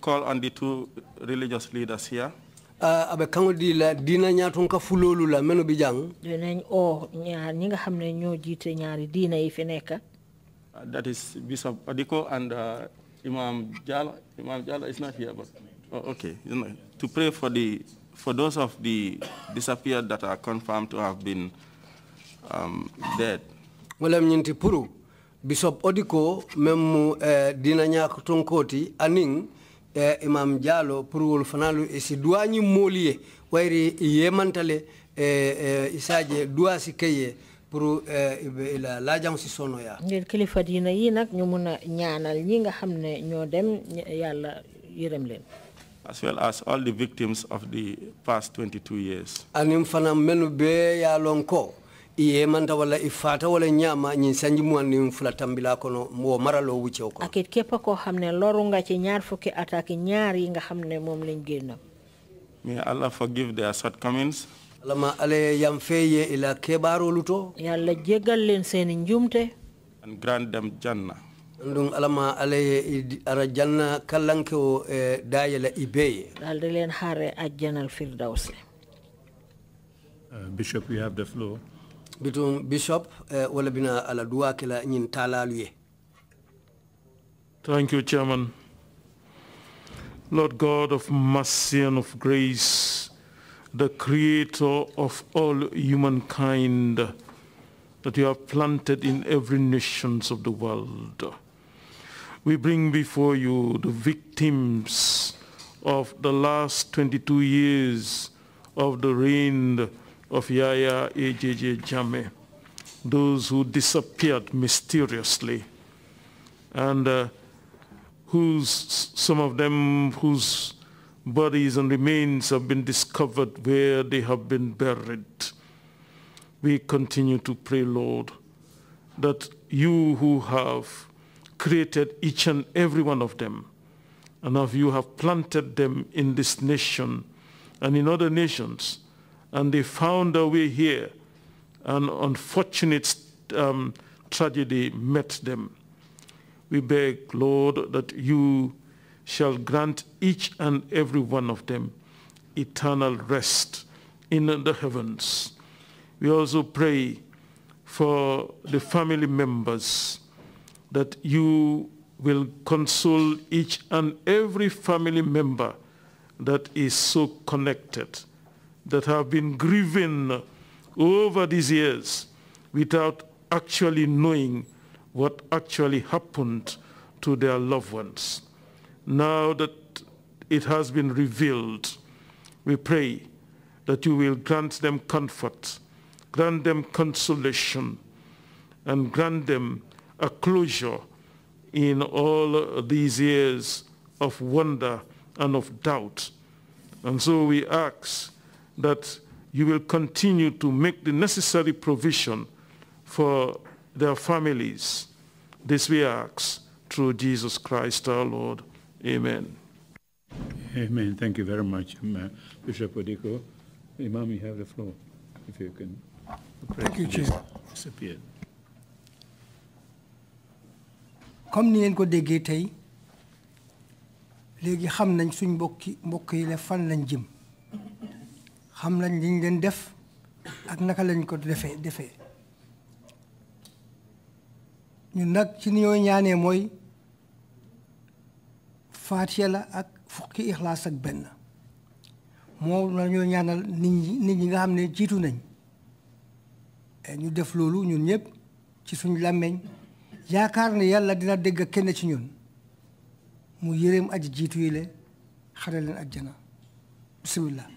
call on the two religious leaders here. Ah, abe uh, that is bishop adiko and uh, imam jala imam jala is not here but oh, okay you know, to pray for the for those of the disappeared that are confirmed to have been um, dead. Walem nyinti puru Bishop Odiko memu eh, dina nyak aning eh, Imam Jalo puru ulfanalu isiduanyi molie wairi yemantale eh, isaje duasi keye pour la laajam si sono ya ngir kilifa dina yi nak ñu mëna ñaanal ñi nga xamne as well as all the victims of the past 22 years. Anim fana menu be ya lonko iye wala ifata wala nyama fula tambila kono mo maralo ko akit kepa ko ci ñaar ñaar yi nga mom may allah forgive their shortcomings lama ale yam feye ila kebaro luto yalla jegal len njumte and grant them jannah alama alaye ara janna kallanke o e len ajjanal uh, bishop you have the floor bitum bishop wala bina ala duwakila ñin talalu ye thank you chairman lord god of mercy and of grace the creator of all humankind that you have planted in every nations of the world we bring before you the victims of the last 22 years of the reign of Yahya AJJ Jame, those who disappeared mysteriously and uh, whose, some of them whose bodies and remains have been discovered where they have been buried. We continue to pray, Lord, that you who have created each and every one of them. And of you have planted them in this nation and in other nations. And they found a way here. An unfortunate um, tragedy met them. We beg, Lord, that you shall grant each and every one of them eternal rest in the heavens. We also pray for the family members that you will console each and every family member that is so connected, that have been grieving over these years without actually knowing what actually happened to their loved ones. Now that it has been revealed, we pray that you will grant them comfort, grant them consolation, and grant them a closure in all these years of wonder and of doubt. And so we ask that you will continue to make the necessary provision for their families. This we ask through Jesus Christ our Lord. Amen. Amen. Thank you very much, Bishop Odiko. Imam, you have the floor, if you can. Thank you, Jesus. Disappeared. comme ni ngeen ko déggee tey léegi xam nañ suñ mbokki mbokk yi la fan lañ jëm xam nañ liñ leen def ak naka lañ ko defee defee ñun nag ci ni ñoo ñaanee mooy faatiya la ak fukki ixlaas ak benn moo la ñoo ñaanal nit ñi nit ñi nga xam ne jiitu nañ e ñu def loolu ñun ñëpp ci suñ làmmeñ yaakaar ne yàlla dina dégg kenn ci ñun mu yéréem aji jiitu yi le xare leen ajjana bisimilah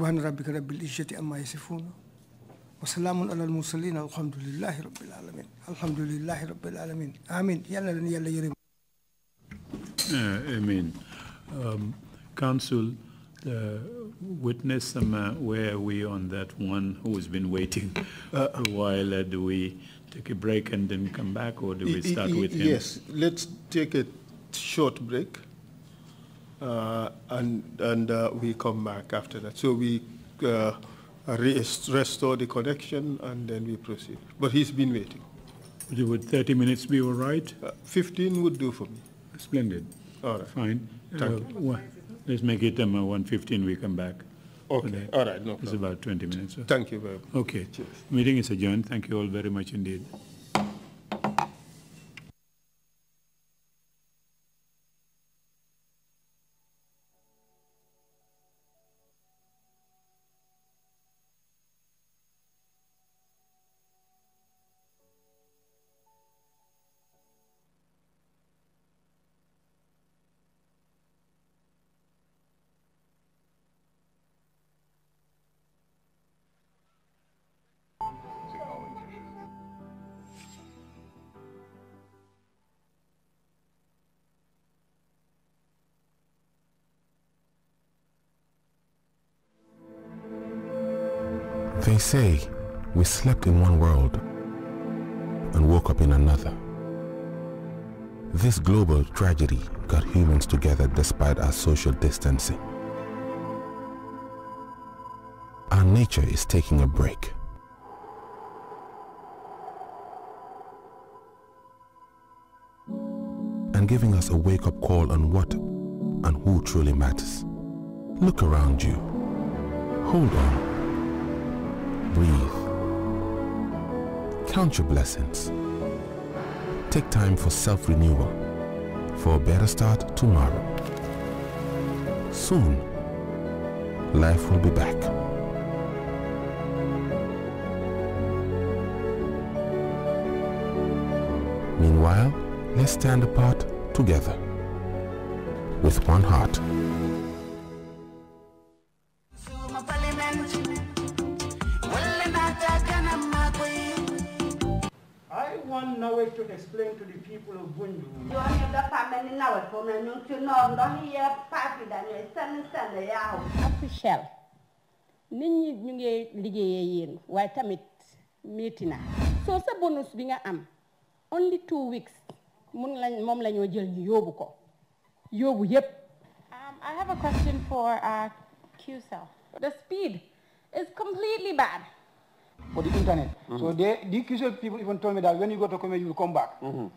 سبحان ربك رب العزة أما يصفون وسلام على المرسلين الحمد لله رب العالمين الحمد لله رب العالمين آمين يلا لن يلا يريم آمين كونسل Council uh, witness um, uh, where are we on that one who has been waiting uh, a while uh, do we take a break and then come back or do we start with him yes let's take a short break Uh, and and uh, we come back after that. So we uh, restore the connection and then we proceed. But he's been waiting. Would 30 minutes be all right? 15 would do for me. Splendid. All right. Fine. let's make it um, 1.15 we come back. Okay. All right. No problem. It's about 20 minutes. Thank you very much. Okay. Cheers. Meeting is adjourned. Thank you all very much indeed. say we slept in one world and woke up in another. This global tragedy got humans together despite our social distancing. Our nature is taking a break. and giving us a wake-up call on what and who truly matters. Look around you. Hold on. Breathe. Count your blessings. Take time for self-renewal for a better start tomorrow. Soon, life will be back. Meanwhile, let's stand apart together with one heart. o noor ndox yi paap yi dañuy senn senn yaaw ak Shell nit ñi ñu ngi liggéeyee yéen bonus am only two weeks mun lañ moom la ñoo jël ñu yóbbu ko yóbbu yépp um, I have a question for uh, QCell. The speed is completely bad. For the internet. Mm -hmm. So they, the QCell people even told me that when you go to Kome, you will come back. Mm -hmm.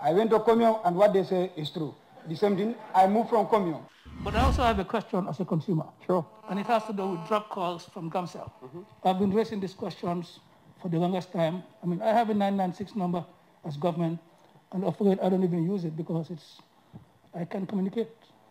I went to Kome and what they say is true. The same thing, I move from commune. But I also have a question as a consumer. Sure. And it has to do with drop calls from Gamcell. Mm -hmm. I've been raising these questions for the longest time. I mean, I have a 996 number as government, and afraid I don't even use it because it's I can't communicate.